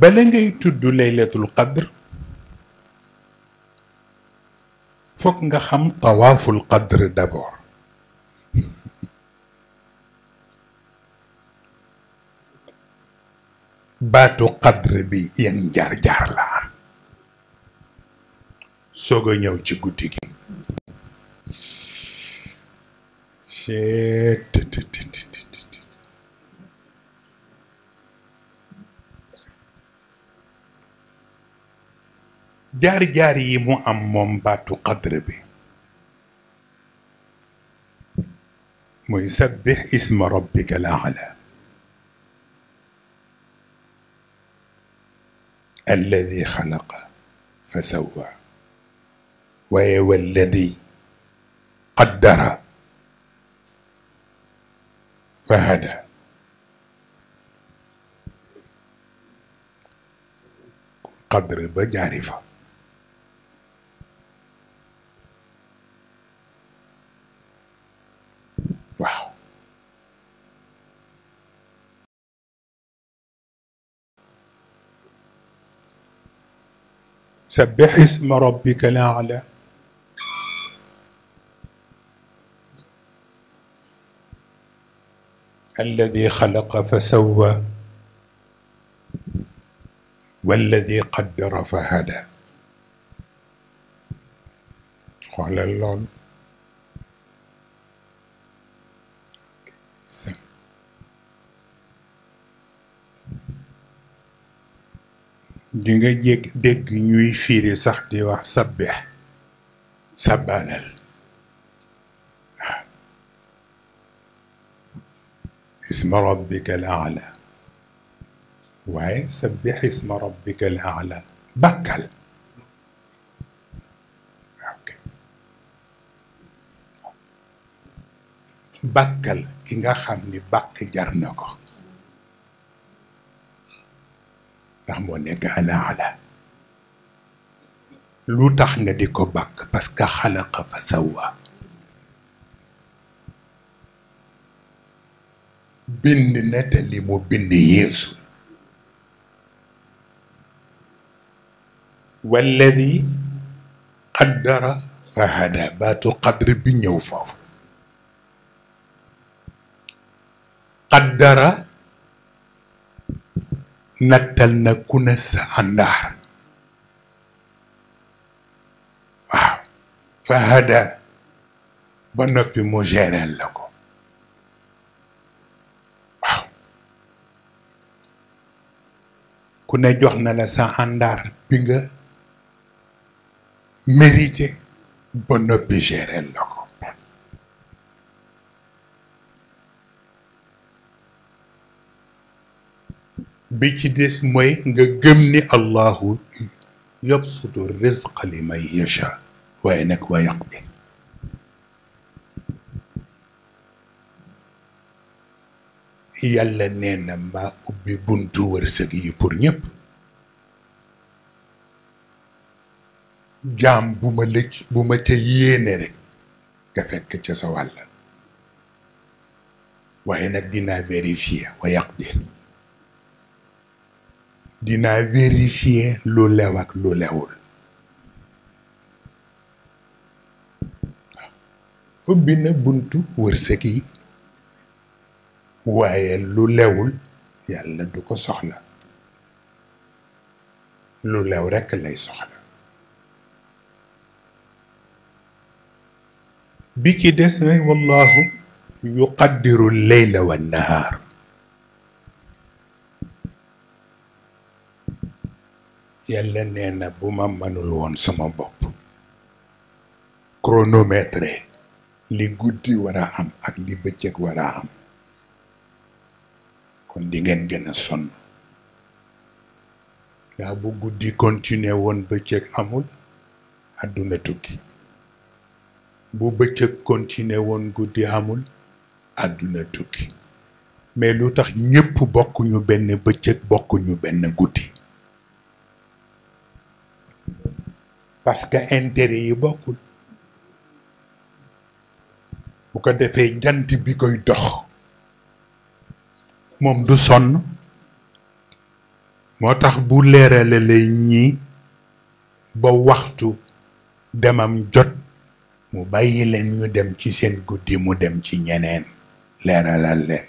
bala ngay tudd laylatul qadr foog nga xam tawaaful qadr d'abord baatu xadr bi yenn jaar-jaar la am soog a ñëw ci guddi gi jaar-jaar yi mu am moom baatu xadr bi muy sabbih isma rabbika l-a'la alladi xalaqa fa sawwa waaye walladi qaddara fa hada qadr ba jaari fa waaw sabbih isma rabbika al-a'la alladi xalaqa fa sawwa walladi qaddara fa hada xoolal loolu di nga jég dégg ñuy fiiri sax ti wax sabbeex sabbalal waaw isma rabbika al aala waaye sabbeex isma rabbika al aala bakkal bakkal ki nga xam ni bàkk jar na ko ndax moo nekk ana lu tax nga di ko bakk parce que xalaqa fa sawwa bind na te li mu bind yeesu walladi qaddara fa hada baatu bi ñëw foofu qaddara nattal na ku ne sa àndaar fa hada ba noppi mu géreel la ko ku ne jox na la sa àndaar bi nga mérité ba noppi géreel la bi ci des mooy nga gëm ni allahu yabsutu rizqa li man yacha waaye nag wa yaqdi yàlla nee na maa ubbi buntu wërsëg yi pour ñëpp jaam bu ma lëj bu ma ca yéene rek nga fekk ca sa wàll waaye nag dinaa vérifier wa yaqdi dina vérifier lu lew lu lewul ubbi na buntu wërsëg yi waaye lu lewul yàlla du ko soxla lu lew rekk lay soxla bi ki des nag wallahu yuqaddiru leyla wa nahaar yàlla nee bu ma mënul woon sama bopp chronomètre li guddi war am ak li bëccëg war am kon di ngeen gën a sonn ndaa bu guddi continuer woon bëccëg amul àdduna tukki bu bëccëg continuer woon guddi amul àdduna tukki mais lu tax ñëpp bokkuñu benn bëccëg bokkuñu benn guddi parce que intérêt yi bokkul bu ko defee jant bi koy dox moom du sonn moo tax bu leerale lay ñii ba waxtu demam jot mu bàyyi leen ñu dem ci seen guddi mu dem ci ñeneen leeralal leen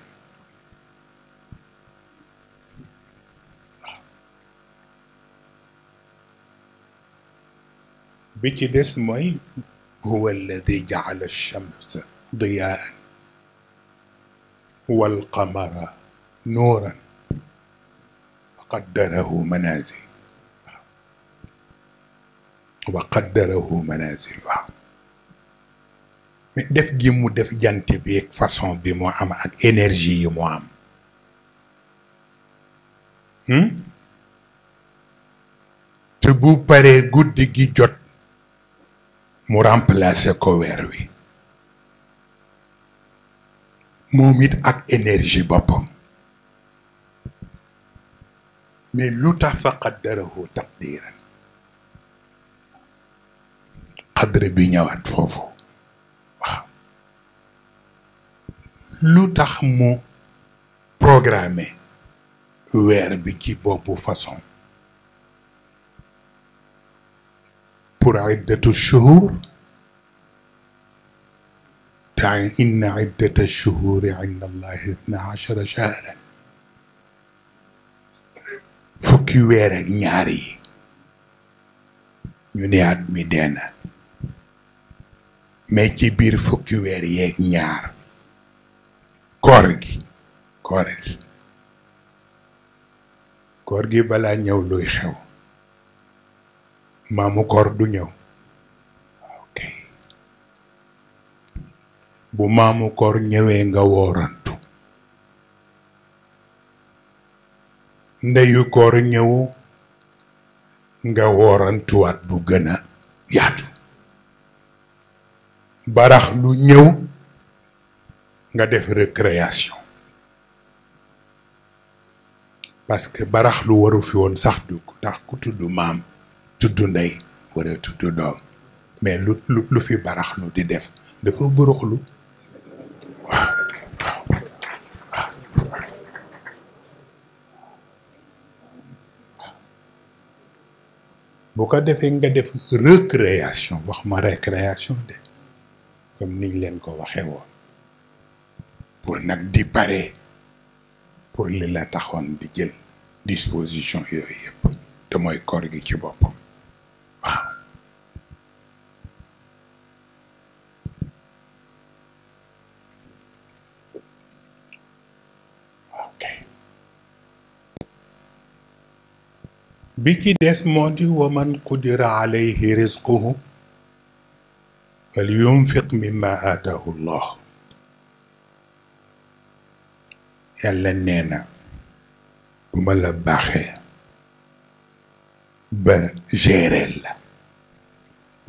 bi ci des mooy huwa alladi jaala alchamsa diyaan walqamara nuuran wa qaddarahu manazil wa qaddarahu manazil waaw def gi mu def jant bi ak façon bi mu am ak énergie am hmm? te bu paree guddi gi mu remplacer ko weer wi moom it ak énergie boppam mais lu tax fa qaddarahu taqdiran qadre bi ñëwaat foofu waaw lu tax mu programmer weer bi ci boobu façon pour iddatu shuhur te inna iddata shuhuri inda allahi itna achara shahran fukki weer ak ñaar yi ñu ne at mi dee na mais ci biir fukki weer yeeg ñaar koor gi koor gi koor gi balaa ñëw luy xew maamu koor du ñëw bu maamu koor ñëwee nga woorantu ndeyu koor ñëw nga woorantuwaat bu gëna a yaatu barax lu ñëw nga def récréation parce que barax lu waru fi woon sax dugg ndax ku tudd maam tudd ndey wala tudd doom mais lu lu fi baraxlu di def dafa buruxlu waaw bu ko defee nga def récréation wax ma récréation de comme niñ leen ko waxee woon pour nag di pare pour li la taxoon di jël disposition yooyu yëpp te mooy koor gi ci boppam waaw ok bi ci des moo di waman qudira alayhi rizquhu falyunfiq mimma aataahu llah yàlla nee na bu ma la baaxee ba gérer la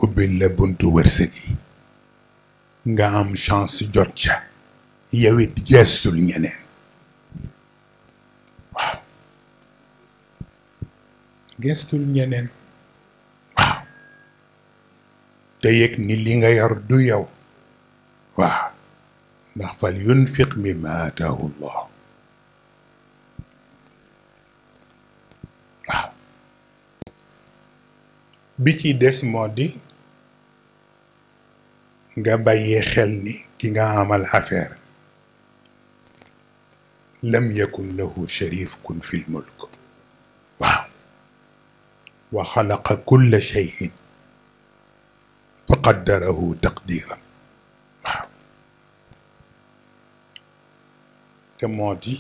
ubbil la buntu wërsëg yi nga am chance jot ca yow it geestul ñeneen waaw geestul te yëg ni li nga yor du yow waaw ndax fal yunfiq mimma ataahu llah bi ci des moo di nga bàyyi xel ni ki nga amal affaire lam yakun lahu sharif kun fil mulk waaw wa xalaqa kulla cheyin fa qaddarahu taqdiran waaw te moo di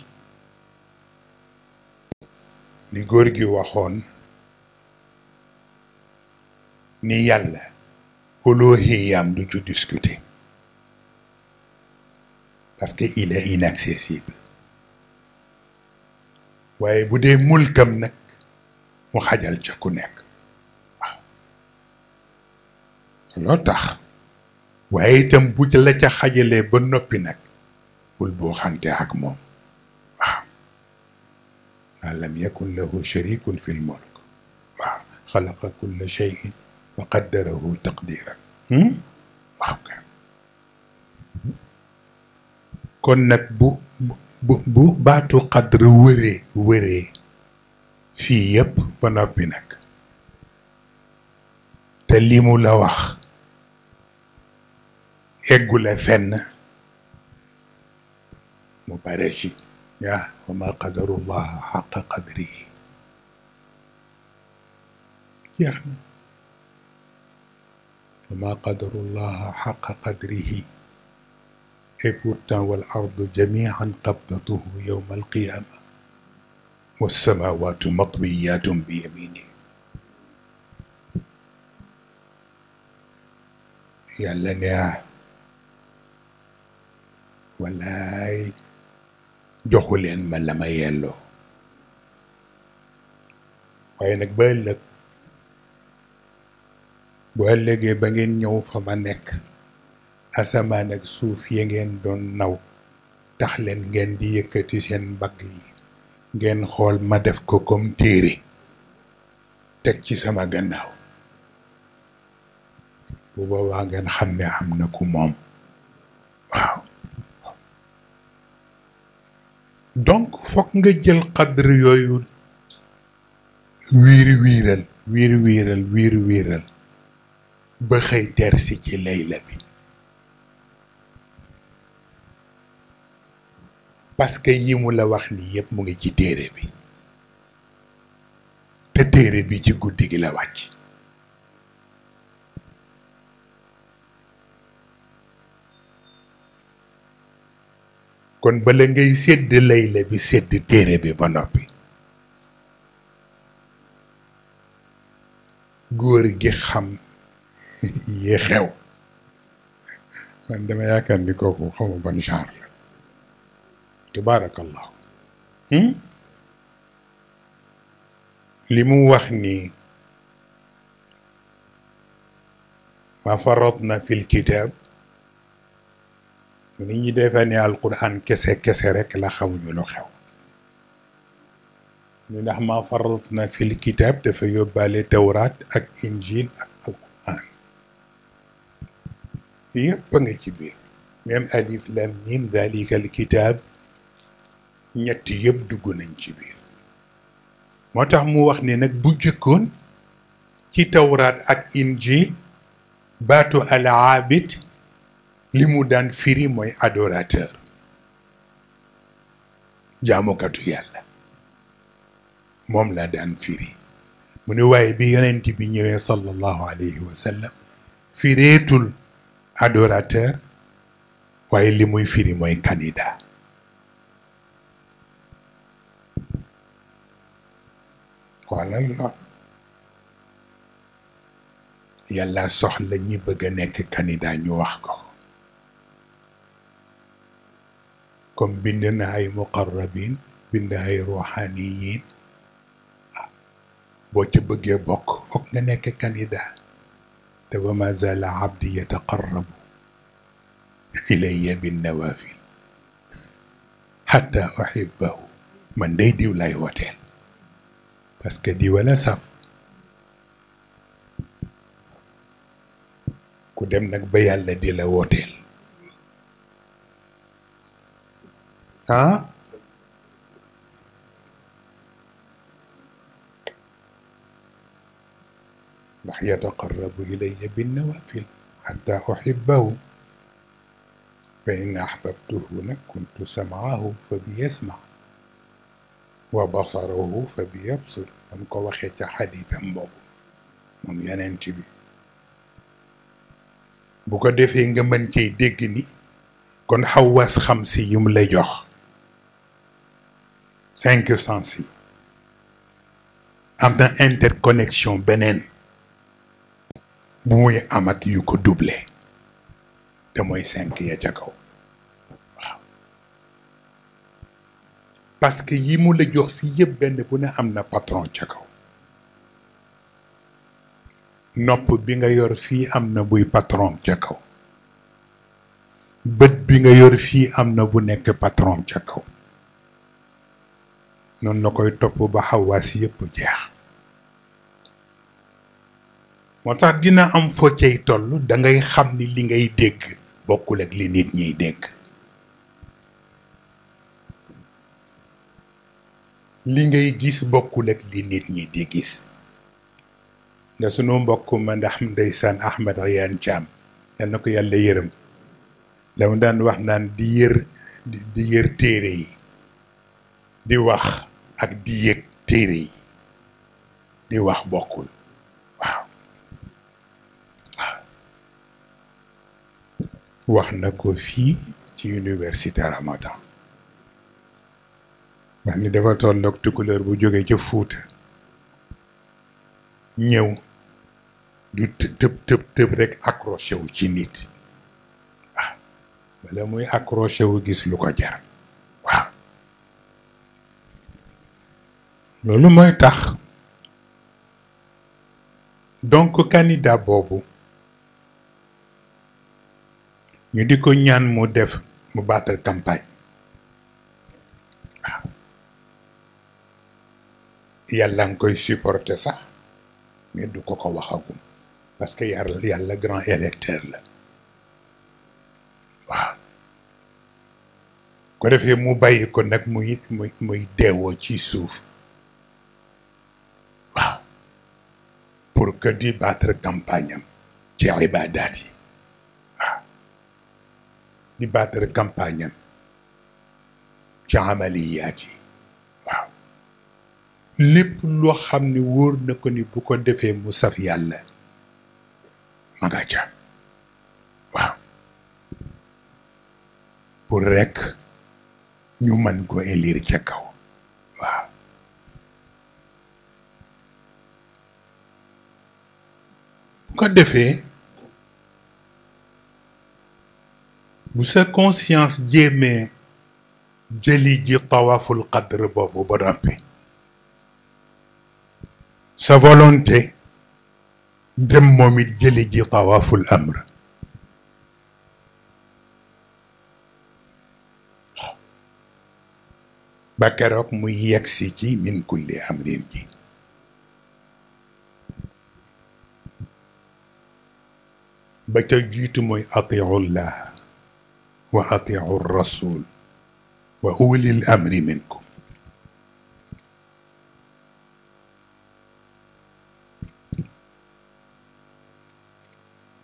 li góor gi waxoon ni yàlla olohiyam du ci discuter parce que il est inaccessible waaye bu dee mulkam nag mu xajal ca ku nekk waaw tax waaye itam bu la ca xajale ba noppi nag bul boo xante ak moom maa lam yakun lahu sharikun fi l mulk waaw xalaqa kulla wa qaddarahu taqdiran hmm? waaw kay kon nag bu bu bu baatu qadr wëree wëree fii yëpp ba noppi nag te li mu la wax eggule fenn mu bare ci yaa wa ma qadarullaha xaqa qadrihi jeex na وما قدر الله حق قدره et pourtant wal ardu jamian qabdatuhu yowma alqiyama wassamawatu matwiyatum bi yamini yàlla ne ah walaay joxu leen ma la ma yelloo waaye nag ba ëllëg bu ëllëgee ba ngeen ñëw fa ma nekk asamaan ak suuf ya ngeen doon naw tax leen ngeen di yëkkati seen mbag yi ngeen xool ma def ko comme téere teg ci sama gannaaw bu boobaa ngeen xam ne am na ku moom waaw donc foog nga jël xadr yooyu wiir wiiral wiir wiiral wiir wiiral ba xëy ter si ci Layla bi parce que yi mu la wax ni yépp mu ngi ci téere bi te téere bi ci guddi gi la wàcc kon bala ngay sedd Layla bi sedd téere bi ba noppi góor gi xam yi xew man dama yaakaar ni kooku xaw ma ban genre la tabaarakallahu hmm? li mu wax nii ma faratna fil kitaab mu nit ñi defee ne alquran kese kese rek la xamuñu lu xew ñu ndax ma faratna fil kitaab dafa yóbbaale tawraat ak injil ak yëpp a nga ci biir même alif lam mim dalikal kitaab ñetti yëpp dugg nañ ci moo tax mu wax ni nag bu jëkkoon ci tawraat ak injil baatu al aabid li mu daan firi mooy adorateur jaamukatu yàlla moom laa daan firi mu ne waaye bi yonent bi ñëwee sallallahu alayhi wa fireetul adorateur waaye li muy firi mooy candidat lool yàlla soxla ñi bëgg a nekk candidat ñu wax ko kom bind na ay muqarrabin bind ay ruhaniyin boo ca bëggee bokk foog nga nekk candidat te wa ma zala abdi yataqarrabu ilayya binnawaafil xatta uhibbahu man day diw lay woteel parce que di wala saf ku dem nag ba yàlla di la wooteel ah ndax yataqarrabu ilayya binnawaafil xataa uxibbahu fa in axbabtuhu nag kuntu samaahu fa bi yasmaa wa basarahu fa bi yabsir dam ko waxee ca xadiitam boobu moom yeneen ci bi bu ko defee nga mën cee dégg ni kon xawaas xam si yi mu lay jox cinq sens yi am na interconnexion beneen bu muy amat yu ko duble te mooy cinq ya ca kaw waaw parce que yi mu la jox fii yëpp benn bu ne am na patron ca kaw nopp bi nga yor fii am na buy patron ca kaw bët bi nga yor fii am na bu nekk patron ca kaw noonu la koy topp ba xawaas yépp jeex moo tax dina am foo cay toll da xam ni li ngay dégg bokkul ak li nit ñiy dégg li ngay gis bokkul ak li nit ñi di gis nda sunu mbokk ma ndax ndeysaan Ahmed Riyane Thiam yal ko yàlla yërëm la daan wax naan di yër di yër téere yi di wax ak di yëg téere yi di wax bokkul wax na ko fii ci université Ramadan wax ni dafa tolloog tukulóor bu jóge ca Fuuta ñëw du tëb tëb tëb rek accroché ci nit waaw bala muy accroché wu gis lu ko jar waaw loolu mooy tax donc candidat boobu ñu di ko ñaan mu def mu battre campagne waaw yàlla nga koy supporter sax mais du ko ko waxagum parce que yàlla yàlla grand électeur la waaw ko defee mu bàyyi ko nag muy muy muy deewoo ci suuf waaw pour que di battre campagne am ci ibaadaat yi di battre campagne ci amaliyaat yi waaw lépp loo xam ni wóor na ko ni bu ko defee mu saf yàlla ma nga waaw pour rekk ñu mën ko élire ca kaw waaw bu ko defee bu sa conscience jéemee jëli ji tawaaful qadr boobu ba noppi sa volonté dem moom it jëli ji tawaaful amr ba keroog muy yegsi ci min kulli amrin ji ba ca jiitu mooy atiullah wa atiicu rasul wa uli l amri minkum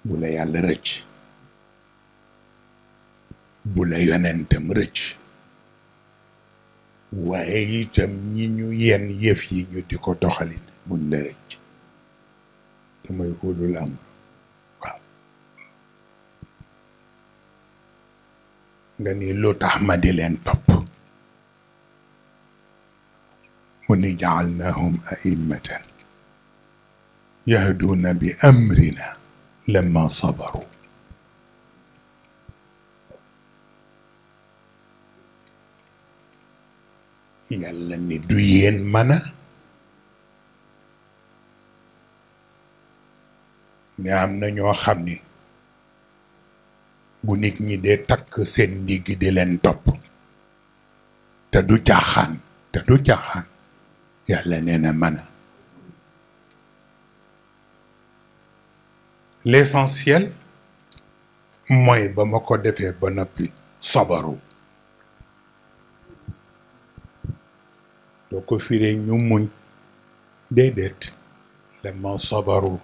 bu la yàlla rëcc bu la yonentam rëcc waaye itam ñi ñu yenn yëf yi ñu di ko doxalin buñ la rëcc damay ulul amr nga ni lu tax ma di leen topp mu ni jaalnaahum aimmatan yahduuna bi amrina lamma sabaru yàlla ni du mana ne am na ñoo xam ni bu nit ñi dee takk seen ndigg di leen topp te du caaxaan te du caaxaan yàlla nee na mën mooy ba ma ko defee ba noppi sabaru doo ko firee ñu muñ déedéet la ma sabaru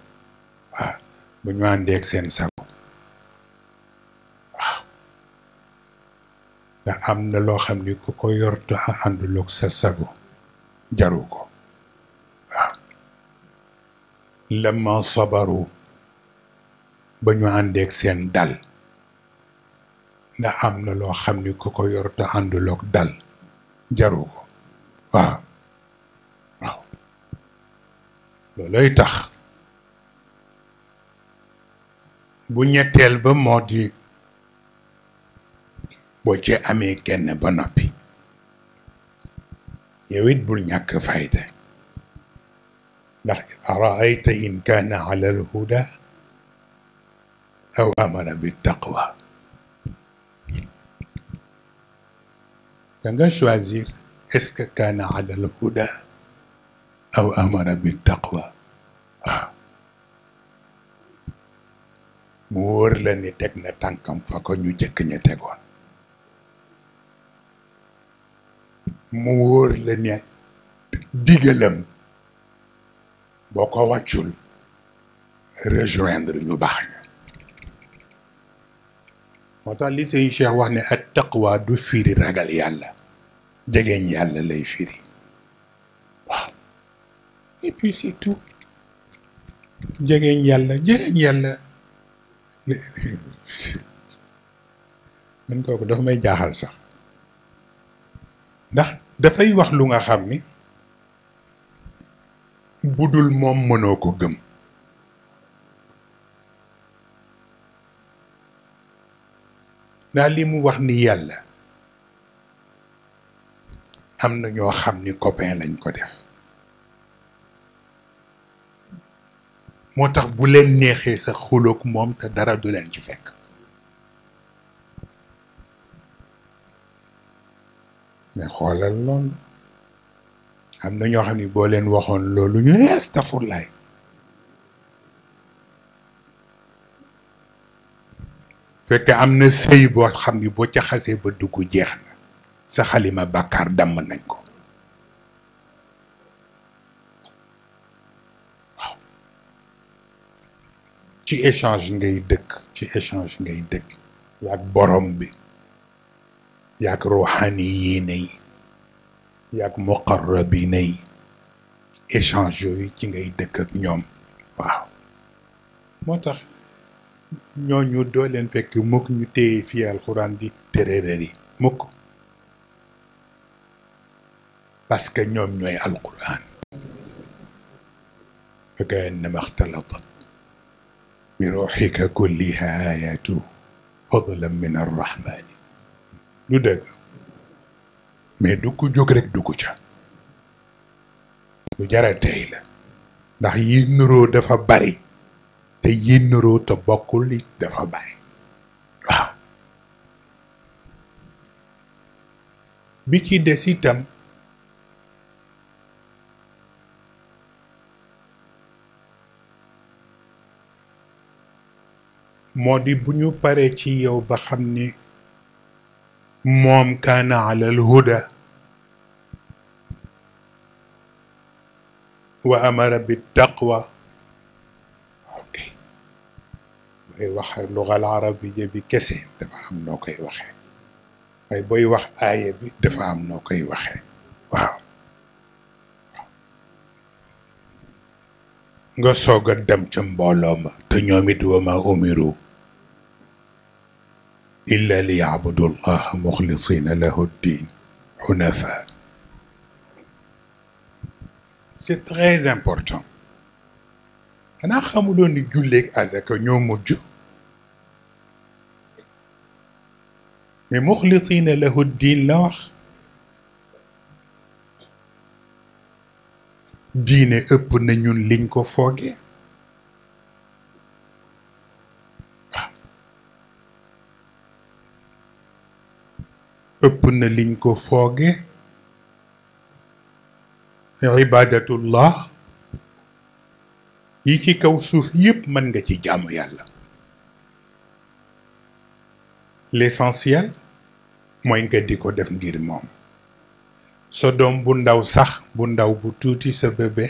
waaw bu ñu àndeek seen sago ndax am na loo xam ni ku ko yor te ànduloog sa sago jaru ko waaw lamma sabaru ba ñu àndeeg seen dal ndax am na loo xam ni ku ko yor te ànduloog dal jaru ko waaw tax bu ñetteel ba moo boo ci amee kenn ba noppi yow it bul ñàkk fayda ndax araayta in kaana ala alhuda aw amara bi taqwa da nga choisir est-ce que kaana ala alhuda aw amara bi taqwa ah. mu wóor ni teg na tànkam fa ko ñu jëkk ña tegoon mu wóor la ne digalam boo ko wàccul rejoindre ñu baax ñu moo tax li sëñ Cheikh wax ne ak taqwa du firi ragal jegen jegeeñ yàlla lay firi waaw et puis c'est tout jegeeñ yàlla kooku dafa may jaaxal sax ndax dafay wax lu nga xam ni budul moom mënoo ko gëm ndax li mu wax ni yàlla am na ñoo xam ni copain lañ ko def moo tax bu leen neexee sa xuloog moom te dara du leen ci fekk mais xoolal loolu am na ñoo xam ni boo leen waxoon loolu ñu ne eh, astafurlaay fekk am na sëy boo xam ni boo ca xasee ba dugg jeex na sa xalima bàkkaar damm nañ ko ci échange ngay dëkk ci échange ngay dëkk ak borom bi yaag ruuxaaniyiina yi yaag muqarrabiina yi ci ngay dëkk ak ñoom waaw moo tax ñooñu doo leen fekk mukk ñu téye fii alxuraan di téréréer yi mukk parce que ñoom ñooy alquran fa ka annama ixtalatat bi ruuxika kulliha ayatu min arrahman du dëgg mais dugg ko jóg rek dugg ca lu jara tey la ndax yi nuroo dafa bari te yi nuroo te bokkul it dafa bari waaw bi ci des itam moo di bu ñu paree ci yow ba xam ni moom kaana alal huda wa amara bi taqwa ok booy wax lugal arabiya bi kese dafa am noo koy booy wax aaya bi dafa am noo koy waxee waaw nga soog a dem ca mbooloo ma ñoom it wa ma umiru illa li yacbudu llaha muxlisina lahu ddin hunafa c'est très important xanaa xamuloon ni julleeg azaka ñoo mujj mais muxlisina lahu diin la wax diine ëpp na ñun liñ ko foogee ëpp na liñ ko fooge ibadatullah yi ci kaw suuf yépp mën nga ci jàmm yàlla l'essentiel mooy nga di ko def ngir moom sa doom bu ndaw sax bu ndaw bu tuuti sa bébé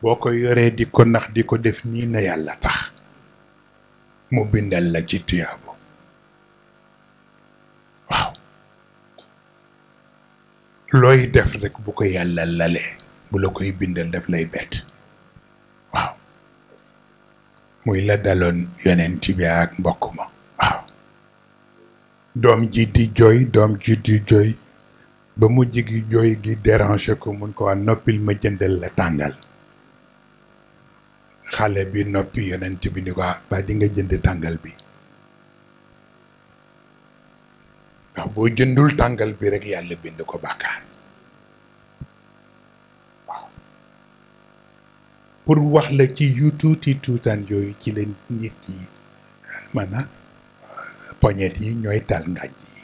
boo ko yoree di ko nax di ko def nii na yàlla tax mu bindal la ci tuyaabo waaw looy def rek bu ko yàlla lalee bu la koy bindal def lay bett waaw muy la daloon yeneen bi ak mbokk ma waaw doom ji di jooy doom ji di jooy ba mu gi jooy gi déranger ko mun ko waa noppil ma jëndal la tàngal xale bi noppi yeneen bi ni ko ah, ba dinga nga jënd tàngal bi waaw boo jëndul tàngal bi rek yàlla bind ko bàkkaar waaw pour wax la ci yu tuutaan yooyu ci la nit yi maanaam euh, poñet yi ñooy taal ngànj yi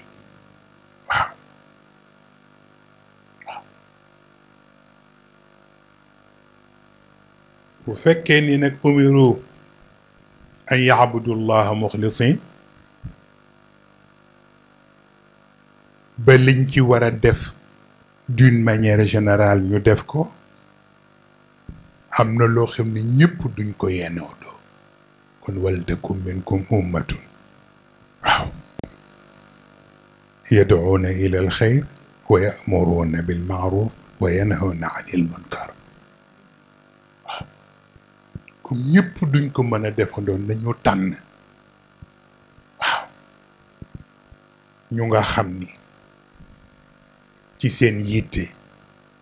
bu fekkee ni nag umiru an yaabudu llaha muxlisin ba liñ ci wara a def d'une manière générale ñu def ko am na loo xam ne ñëpp duñ ko yenoodoo kon wal takum minkum ummatun waaw yad'uuna ila al xayr wa ya'muruuna bil ma'ruf wa yanhawna anil munkar comme ñëpp duñ ko mën a defandoon nañu tànn waaw ñu nga xam ni ci seen yitte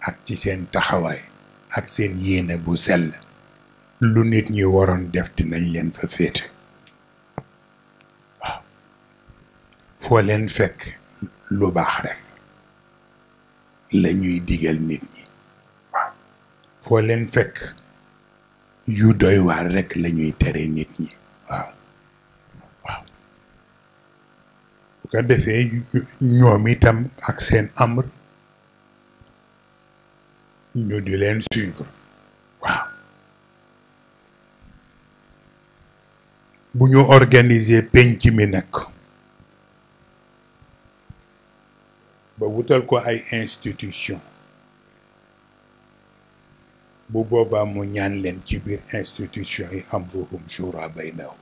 ak ci seen taxawaay ak seen yéene bu sell lu nit ñi waroon def dinañ leen fa féete foo leen fekk lu baax rek la digal nit ñi foo leen fekk yu doy waar rek tere nit ñi waaw ko defee ñoom itam ak seen amr Hmm. ñu di leen suivre waaw bu ñu organiser penc mi nag ba wutal ko ay institution bu boobaa mu ñaan leen ci biir institution yi amruhum shura baynahum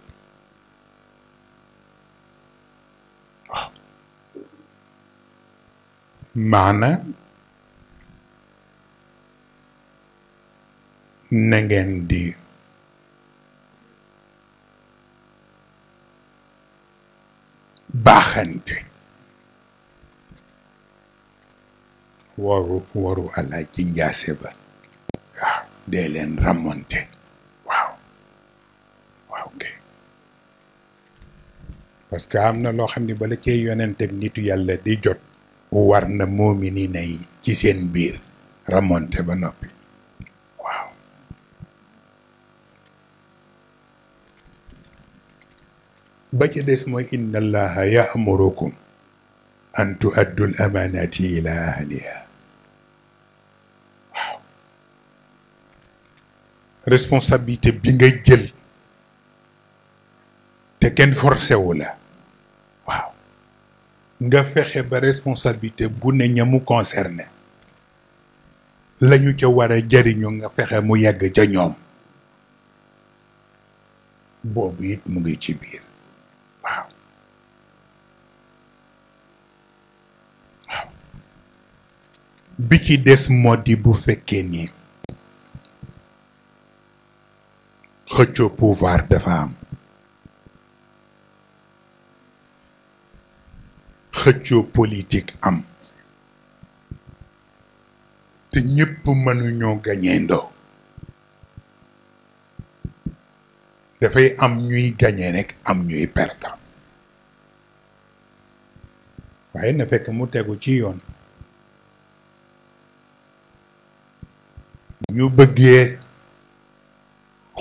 waaw maana nangeen di baaxante waru waru alaaj ci njaase ba waaw dee leen ramonte waaw waaw parce que am na loo xam ne bala cee yonent ak nitu yàlla di jot war na moomini nay ci seen biir ramonte ba noppi ba ci des mooy inna allaha ya'murukum an tu'addul amaanaati ila ahliha waaw responsabilité bi nga jël te kenn forcé wu la waaw nga fexe ba responsabilité bu ne ña concerné la ñu ca wara a jariñu nga fexe mu yàgg ca ñoom boobu it mu ngi ci biir waaw bi ci des moo di bu fekkee nii xëccoo pouvoir dafa am xëccoo politique am te ñépp mënuñoo gañeendoo dafay am ñuy gañe am ñuy perte waaye na fekk mu tegu ci yoon ñu bëggee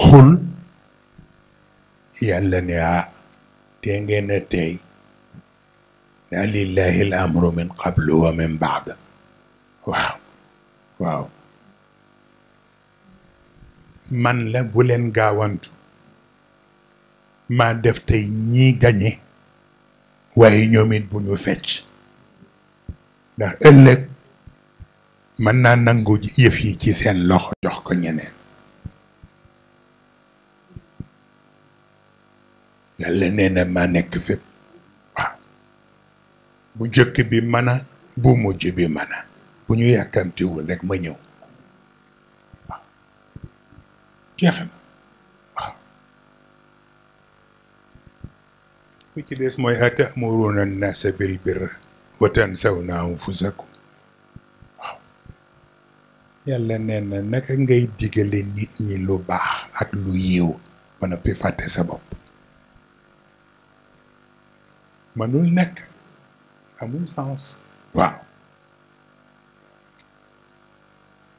xul yàlla ne ah te ngeen a tey lillahi amru min qablu waaw man la bu leen gaawantu ma def tey ñii gañe waaye ñoomit bu ñu fecc ndax ëllëg mën naa nangu yëf yi ci seen loxo jox ko ñeneen yàlla nee na nekk fépp bu jëkk bi mën a bu mujj bi mën bu ñu yàkkamtiwul rek ma ñëw bi ci des mooy atamuruuna annaasa bil birri wa tansawna anfusakum waaw yàlla nee na ngay digale nit ñi lu baax ak lu yiw ba noppi fàtte sa bopp mënul nekk amul sens waaw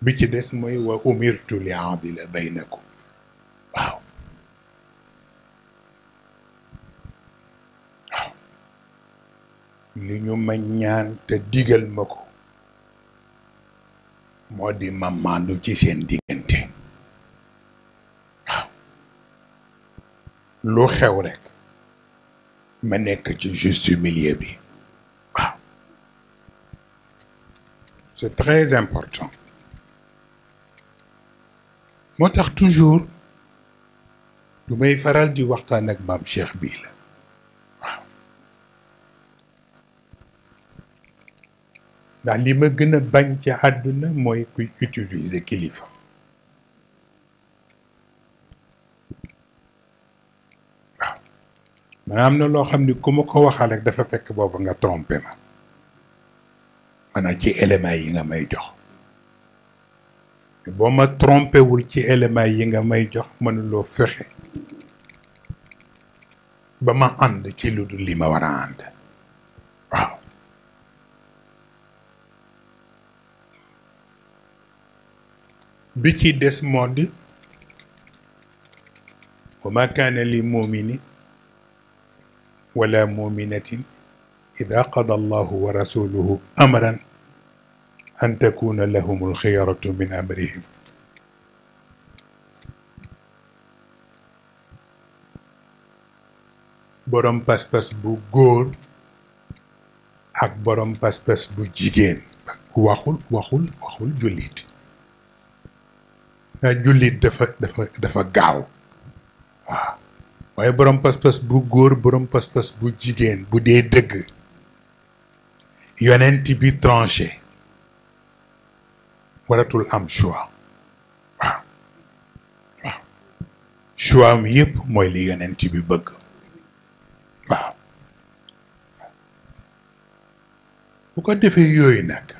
bi ci des mooy wa umirtu li aadila baynakum waaw li ñu ma ñaan te digal ma ko moo di ma maandu ci seen diggante waaw lu xew rek ma nekk ci juste milieu bi waaw c'est très important moo tax toujours lu may faral di waxtaan ak maam Cheikh bii ndax li ma gën a bañ ci àdduna mooy kuy utiliser kilifa waaw man am na loo xam ni ku ma ko waxal rek dafa fekk boobu nga trompé ma maanaam ci éléments yi nga may jox boo ma trompé ci éléments yi nga may jox mënuloo fexe ba ma ànd ci lu dul li ma war a ànd waaw bi ci des moo di wa ma kaana li muminin wala muminatin ida qada allahu wa rasuluhu amran an takuna lahum alxiyaratu min amrihim borom pas-pas bu góor ak borom pas-pas bu jigéen parce que waxul waxul waxul jullit naa jullit dafa dafa gaaw waaw waaye borom pas-pas bu góor borom pas-pas bu jigéen bu dee dëgg yonent bi tranché waratul am choix waaw waaw am yépp mooy li yonent bi bëgg waaw bu ko defee yooyu nag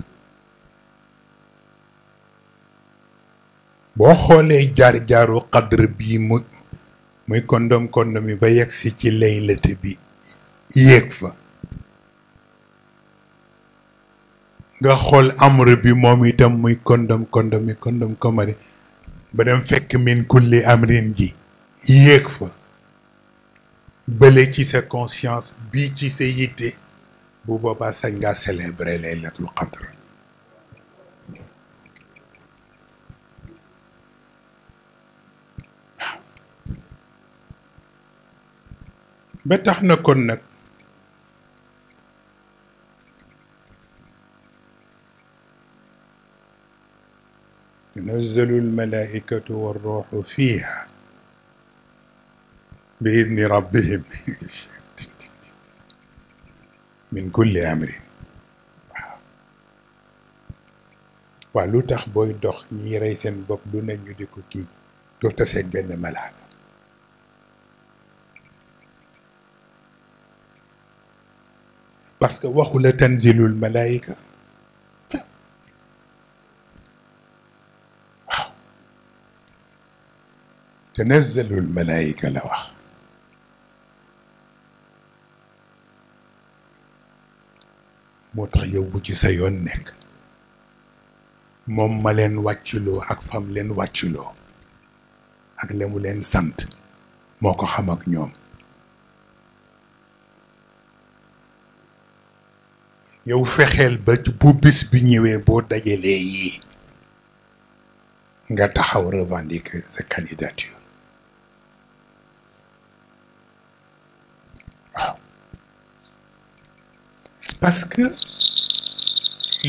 boo xoolee jaar-jaaru xadr bii mu muy kondom kondom ba yegg si ci laylate bi yéeg fa nga xool amre bi moom itam muy kondom kondom yi kondom komari ba dem fekk min kulli amrin ji yéeg fa bële ci sa conscience bii ci sa yitte bu boobaa sañ ngaa célébrer laylatul qadr ba tax na kon nag tanazzalu almalaikatu warruxu fiha bi idni rabbihim min kulli amrin waaw waaw lu tax booy dox ñiy rey seen bopp lu ne ñu di ko kii parce que waxu la tanzilul malaayika waaw tanazzalul la wax moo tax yow bu ci sa yoon nekk moom ma leen ak fam leen wàcculoo ak la mu leen sant moo ko xam ñoom yow fexeel ba bu bis bi ñëwee boo dajalee yii nga taxaw revendiquer sa candidature parce que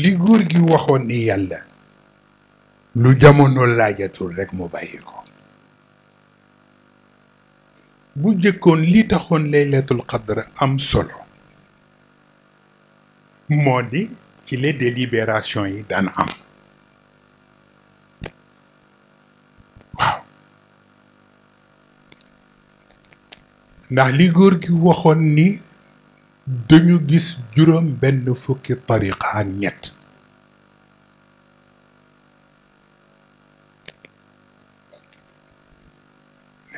li góor gi waxoon ni yàlla lu jamono laajatul rek mu bàyyi ko bu jëkkoon li taxoon laylatul qadr am solo moo di ci les délibérations yi daan am ndax li góor gi waxoon ni dañu gis juróom benn fukki tariqa ak ñett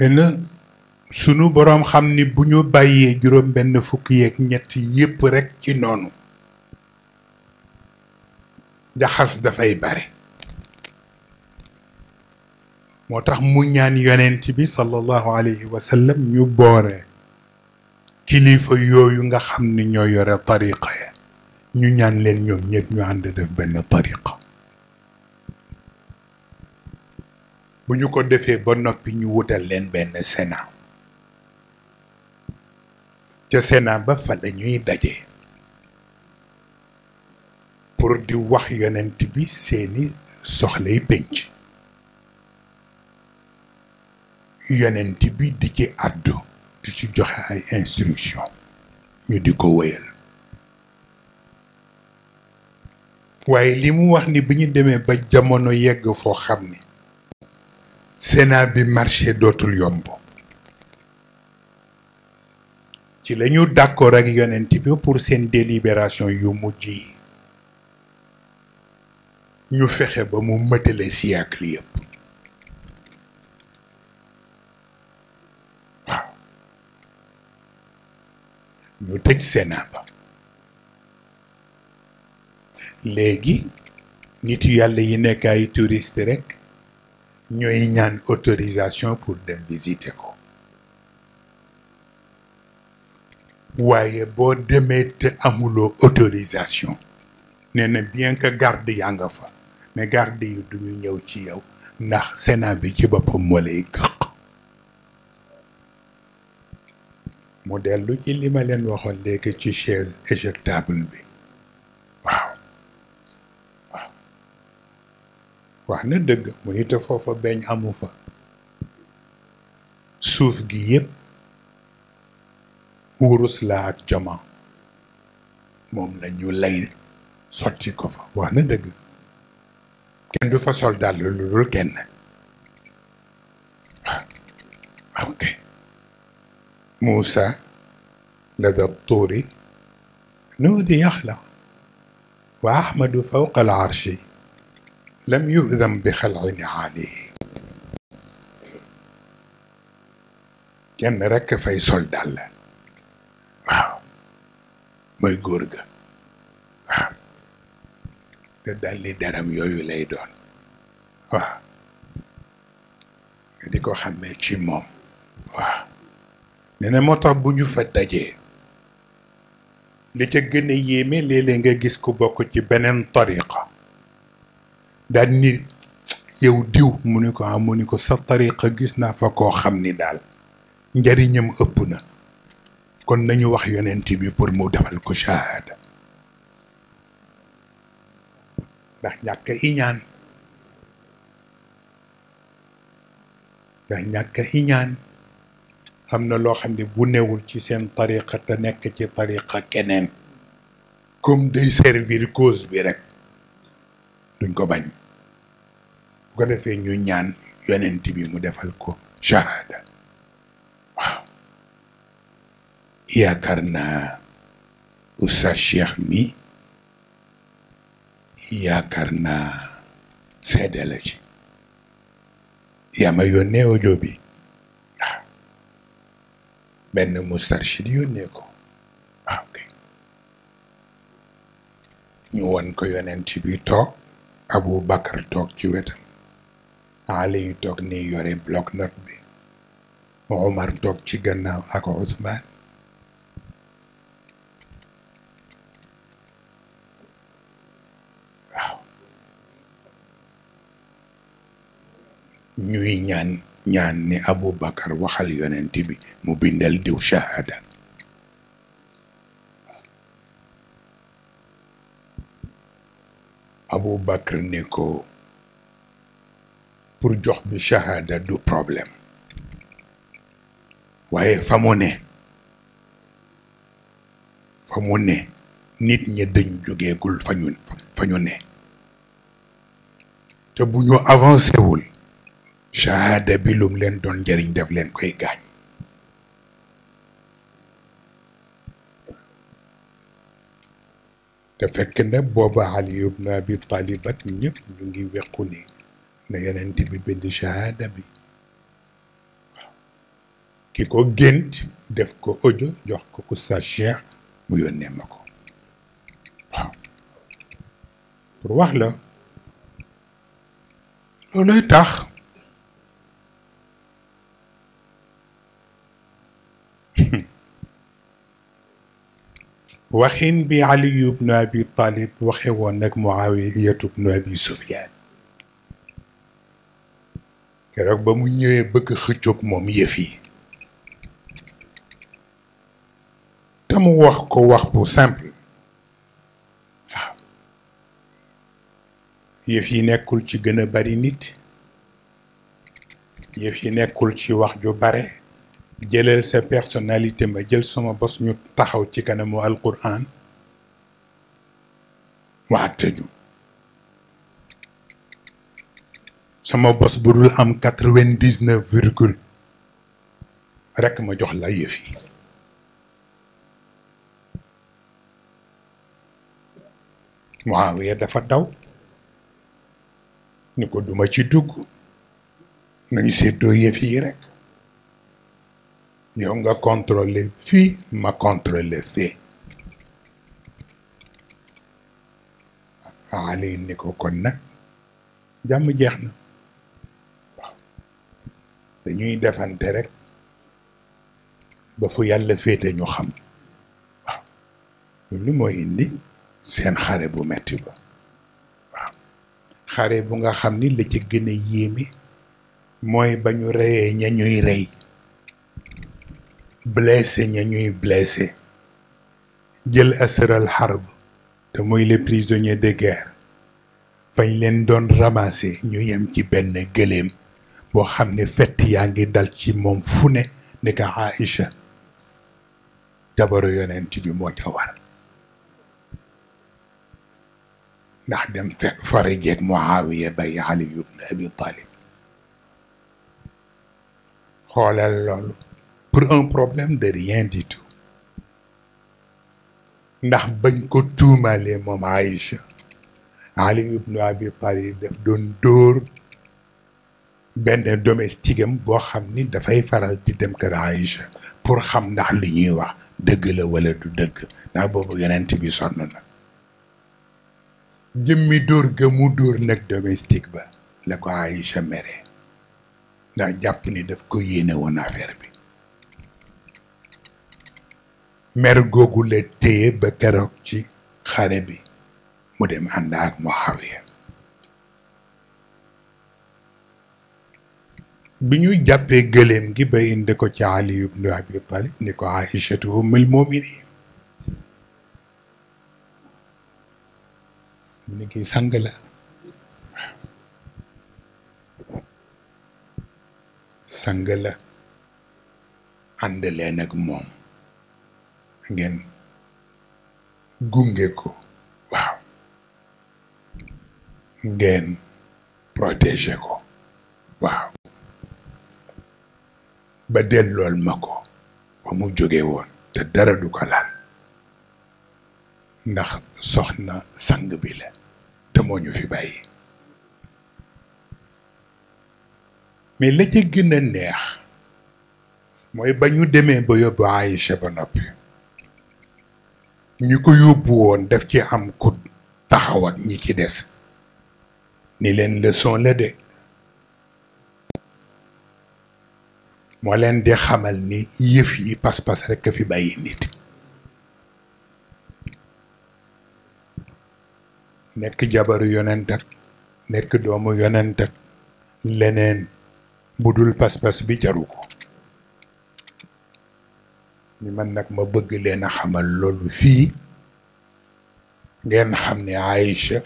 léegi sunu boroom xam ni bu ñu bàyyee juróom benn fukki yépp rekk ci noonu njaxas dafay bare moo tax mu ñaan yonent bi sallallahu alayhi wa ñu boore kilifa yooyu nga xam ni ñoo yore tariqa ya ñu ñaan leen ñoom ñëpp ñu ànd def benn tariqa bu ñu ko defee ba noppi ñu wutal leen benn sénat ca sénat ba fa la daje pour di wax yonent bi seeni soxlay pénc yonent bi di ci àddu di ci joxe ay instruction ñu di ko wéyal waaye li wax ni biñu demee ba jamono yegg foo xam ni Sénat bi marché dootul yomb ci la ñu ak yonent bi pour seen délibération yu mujj yi ñu fexe ba mu mëtale siècle yëpp waaw ñu tëj Sénat ba léegi nit yàlla yi nekk ay touriste rekk ñooy ñaan autorisation pour dem visiter ko waaye boo demee te amuloo autorisation nee na bien que garde yaa nga fa mais garde yi duñu ñëw ci yow ndax Sénat bi ci boppam moo lay gëq mu dellu ci li leen waxoon léegi ci chaise éjectable bi waaw wax na dëgg mu nit a foofa beñ amu fa suuf gi yépp wurus la ak jama moom la lay sotti ko fa wax na dëgg kenn du fa sol dàll lu dul kenn waaw ah, ok Moussa lada tuuri nuudi yaxla wa ahmadu fawqa al arshi lam yudam bi xalci niaalihi kenn rekk fay sol dàll waaw mooy góor ga waaw te dalli deram yooyu lay doon waaw nga di ko xàmmee ci moom waaw nee moo tax bu ñu fa dajee li ca gën a yéeme léeg nga gis ku bokk ci beneen tariqa daal ni yow diw mu ni ko am ah, mu ni ko sa tariqa gis naa fa koo xam ni daal njariñam ëpp na kon nañu wax yonent bi pour mu defal ko shahada ndax ñàkk iñaan ndax ñàkk iñaan am na loo xam ne bu newul ci seen tariqa te nekk ci tariqa keneen comme day servir cause bi rek duñ ko bañ bu ko defee ñu ñaan yonent bi mu defal ko shahada waaw yaakaar naa Oustaz Cheikh mi yaakaar naa seede la ci yaa ma yónnee audio bi ah. benn Moustarchid yónnee ko waaw ah, ñu won ko ci bi toog abu Bakar toog ci wetam Ali yu toog ni yore bloc-notes bi Omar toog ci gannaaw ak Ousmane ñuy ñaan ñaan ne Abu Bakar waxal yonent bi mu bindal diw shahada Abu Bakar ne ko pour jox bi shahada du problème waaye fa mu nit ñi dañu jógeegul fa ñu fa te bu ñu avancé shahada bi lum leen doon njëriñ def leen koy gaañ te fekk na booba Ali ibn Abi Talib ak ñu ngi wequ ni na yonent bi bind shahada bi waaw ki ko gént def ko audio jox ko oustaz Cheikh mu yónnee ma ko pour wax la looloy tax waxin bi aliyu bnu abi waxewoon waxe woon nag muawiyatu bnu abi sufyaan keroog ba mu ñëwee bëgg xëccoog moom yëf yi te mu wax ko wax bu simple yëf yi nekkul ci gëna a bari nit yëf yi nekkul ci wax ju bare jëleel sa personnalité ma jël sama bos ñu taxaw ci kanamu alquran waa tëju sama bos bu dul am quatre vingt dix rekk ma jox la yëf yi waaw ya dafa daw ni ko duma ci dugg nañu seddoo yëf yi rekk yow nga contrôler fii ma contrôler fii Ali ni ko kon na jàmm jeex na waaw dañuy defante rek ba fu yàlla féete ñu xam waaw loolu moo indi seen xare bu metti ba xare bu nga xam ni la ci gën a mooy ba ñu reyee ña ñuy rey blessé ña ñuy blessé jël asral xarb te muy les prisonniers de guerre fañ leen doon ramasser ñu yem ci benn gëléem boo xam ni fett yaa ngi dal ci moom fu ne ni ka Aïcha jabaru yonent bi moo ca war ndax dem fe fara jeeg bay Ali ibn Abi Talib xoolal loolu pour un problème de rien du tout ndax bañ ko tuumalee moom Aïcha Ali ibnu Abi Talib daf doon dóor benn domestique am boo xam ni dafay faral di dem kër Aïcha pour xam ndax li ñuy wax dëgg la wala du dëgg ndax boobu yonent bi sonn na jëmmi dóor ga mu nag domestique ba la ko Aïcha mere ndax jàpp ni daf ko yéene woon affaire bi mer la téye ba keroog ci xare bi mu dem ànd ak Muawiya bi ñuy jàppee gëléem gi ba indi ko ci Ali ibnu Abi Talib ni ko Aïchatu ummul mu'minin mu ne kii sang la sang la ànd leen ak moom ngeen gunge ko waaw ngeen protéger ko waaw ba dellool ma ko ba mu jóge te dara du ko laal ndax soxna sang bi la te moo ñu fi bàyyi mais la ca gën neex mooy ba ñu demee ba yóbbu Aïcha ba noppi ñi ko yóbbu woon def ci am ku taxawat ñi ci des ni leen leçon la de moo leen di xamal ni yëf yi pas-pas rekk a fi bay nit nekk jabaru yonent nekk doomu yonent leneen bu dul pas-pas bi jaru ko ni man nag ma bëgg leen a xamal loolu fii ngeen xam ne Aïcha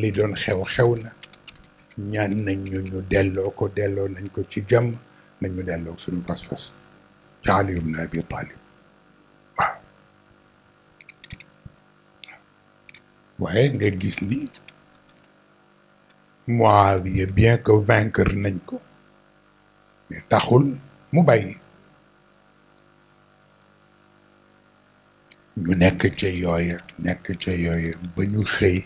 li doon xew-xew na ñaan nañ ñu ñu delloo ko delloo nañ ko ci jàmm nañu delloo suñu pas-pas ci Ali ibn Abi Talib waaye nga gis ni Muawiya bien que vaincre nañ ko mais taxul mu bàyyi ñu nekk ca yooya nekk ca yooya ba ñu xëy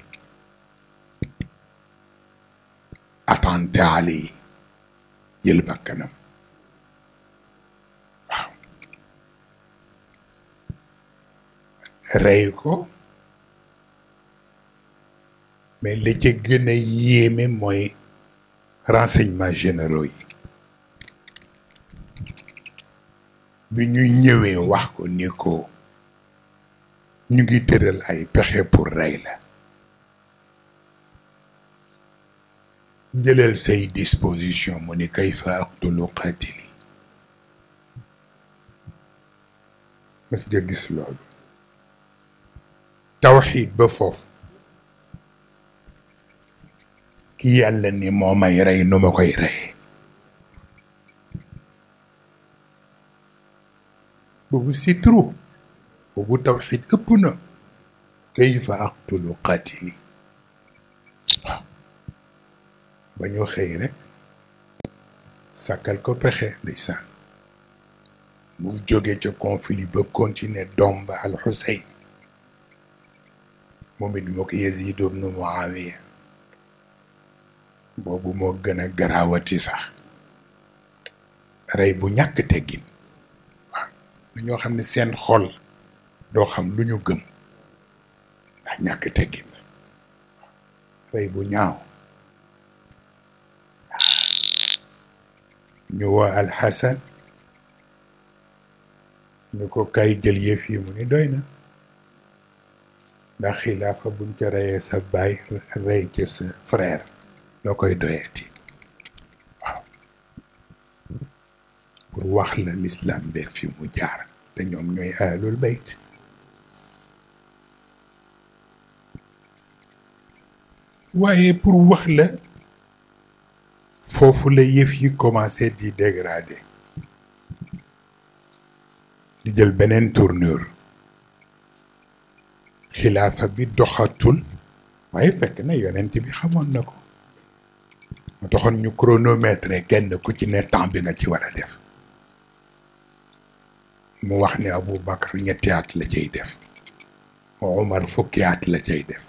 attenté àll yi jël bakkanam waaw rey ko mais la ca gën a yéeme mooy renseignements généraux yi bi ñu ñëwee wax ko ni ko ñu ngi tëral ay pexe pour rey la jëlal say disposition mu ni kayfa aqtulu qaatili mas nga gis loolu tawxiid ba foofu ki yàlla ni moo may rey nu ma koy rey boobu c'est trop boobu tawxiid ëpp na kayfa aqtulu qaatili waaw ba ñoo xëy rek sàkkal ko pexe ndeysaan bu mu jógee ca conflit ba continuer doom ba al Xuseyn moom it moo ko Yaziid ibnu Muawiya boobu moo gën a garaawati sax rey bu ñàkk teggin waaw dañoo xam ne seen xol doo xam lu ñu gëm ndax ñàkk teggin la rëy bu ñaaw ñu woo alxasan ñu ko kay jël yëf yi mu ni doy na ndax xilaafa buñ ca reyee sa baay rey ci sa frère loo koy doy waaw pour wax la l'islam beeg fi mu jaar te ñoom ñooy ahlul bayt waaye pour wax la foofu la yëf yi commencé di dégradé di jël beneen tournure xilaafa bi doxatul waaye fekk na yonent bi xamoon na ko mu taxoon ñu chronomètre kenn ku ci ne temps bi nga ci war a def mu wax ni abu Aboubacar ñetti at la ciy def Omar fukki at la cay def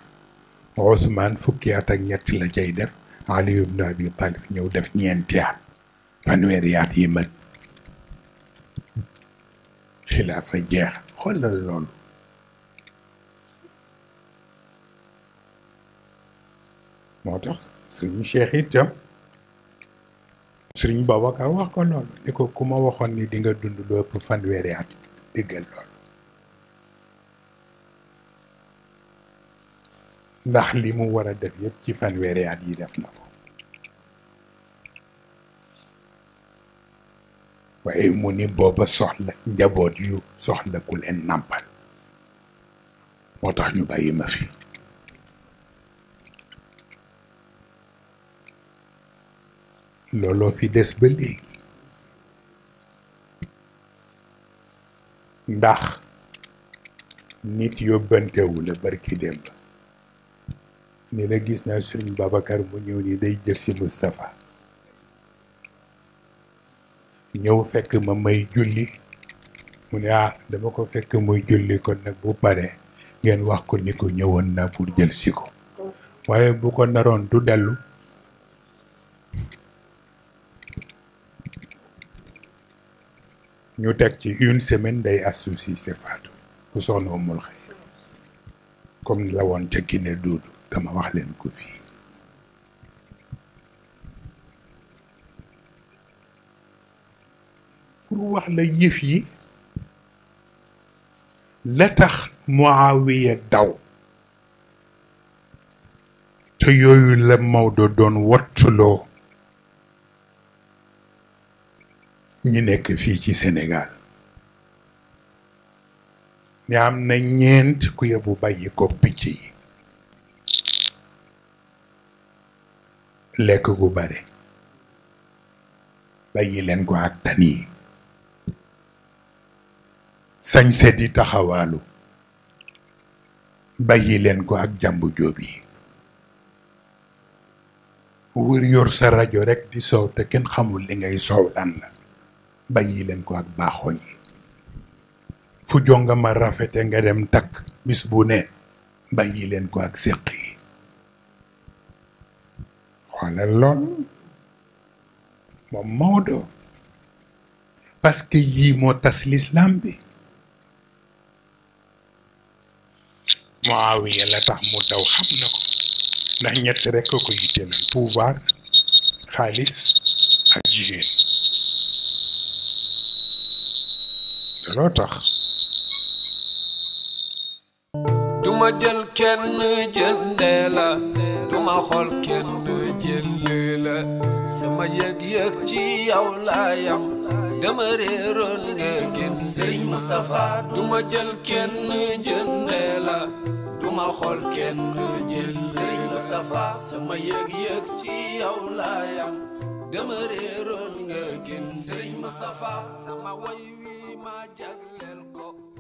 Ousmane fukki at ak ñett la cay def Ali ibn Abi Talib ñëw def ñeenti at fanweeri at yi mën xilaafa jeex xoolal loolu moo tax sëriñ Cheikh itam sëriñ Babacar wax ko loolu ni ko ku ma waxoon ni di nga dund lu ëpp fanweeri at loolu ndax li mu war a def yëpp ci fanweeri at yi def na ko waaye mu ni booba soxla njaboot yu soxla ku leen nàmpal moo tax ñu bàyyi ma fi looloo fi des ba léegi ndax nit yóbbantewula barki démb ni la gis naa Serigne Babacar mu ñëw ni day jël si Moustapha ñëw fekk ma may julli mu ne ah dama ko fekk muy julli kon nag bu pare ngeen wax ko ni ko ñëwoon naa pour jël si ko waaye bu ko naroon du dellu ñu teg ci une semaine day associé c'est Fatou ku soxna umul xëy comme la woon ca Guinée Doudou dama wax leen ko fii pour wax la yëf yi la tax Muawiya daw te yooyu la Maodo doon wattuloo ñi nekk fii ci Sénégal ne na ñeent ku yebu bàyyi ko picc yi lekk gu bare bàyyi leen ko ak tan yi sañse di taxawaalu bàyyi leen ko ak jàmbu jóob yi wër yor sa rajo rek di soow te kenn xamul li ngay soow lan la bàyyi leen ko ak baaxoon yi fu jongama rafete nga dem takk bis bu ne bàyyi leen ko ak séq yi wax na moom Maodo parce que yii moo tas lislaam bi Muawiya la tax mu daw xam na ko ndax ñett rek ko yitte la pouvoir xaalis ak jigéen looloo tax ma jël kenn jëndee la duma xool kenn jëlee la sama yëg-yëg ci yow laa yam dama réeroon nga gën sëñ Moustapha duma sama yëg-yëg ci yow laa yam dama réeroon nga gën sëñ Moustapha sama way wi ma jagleel ko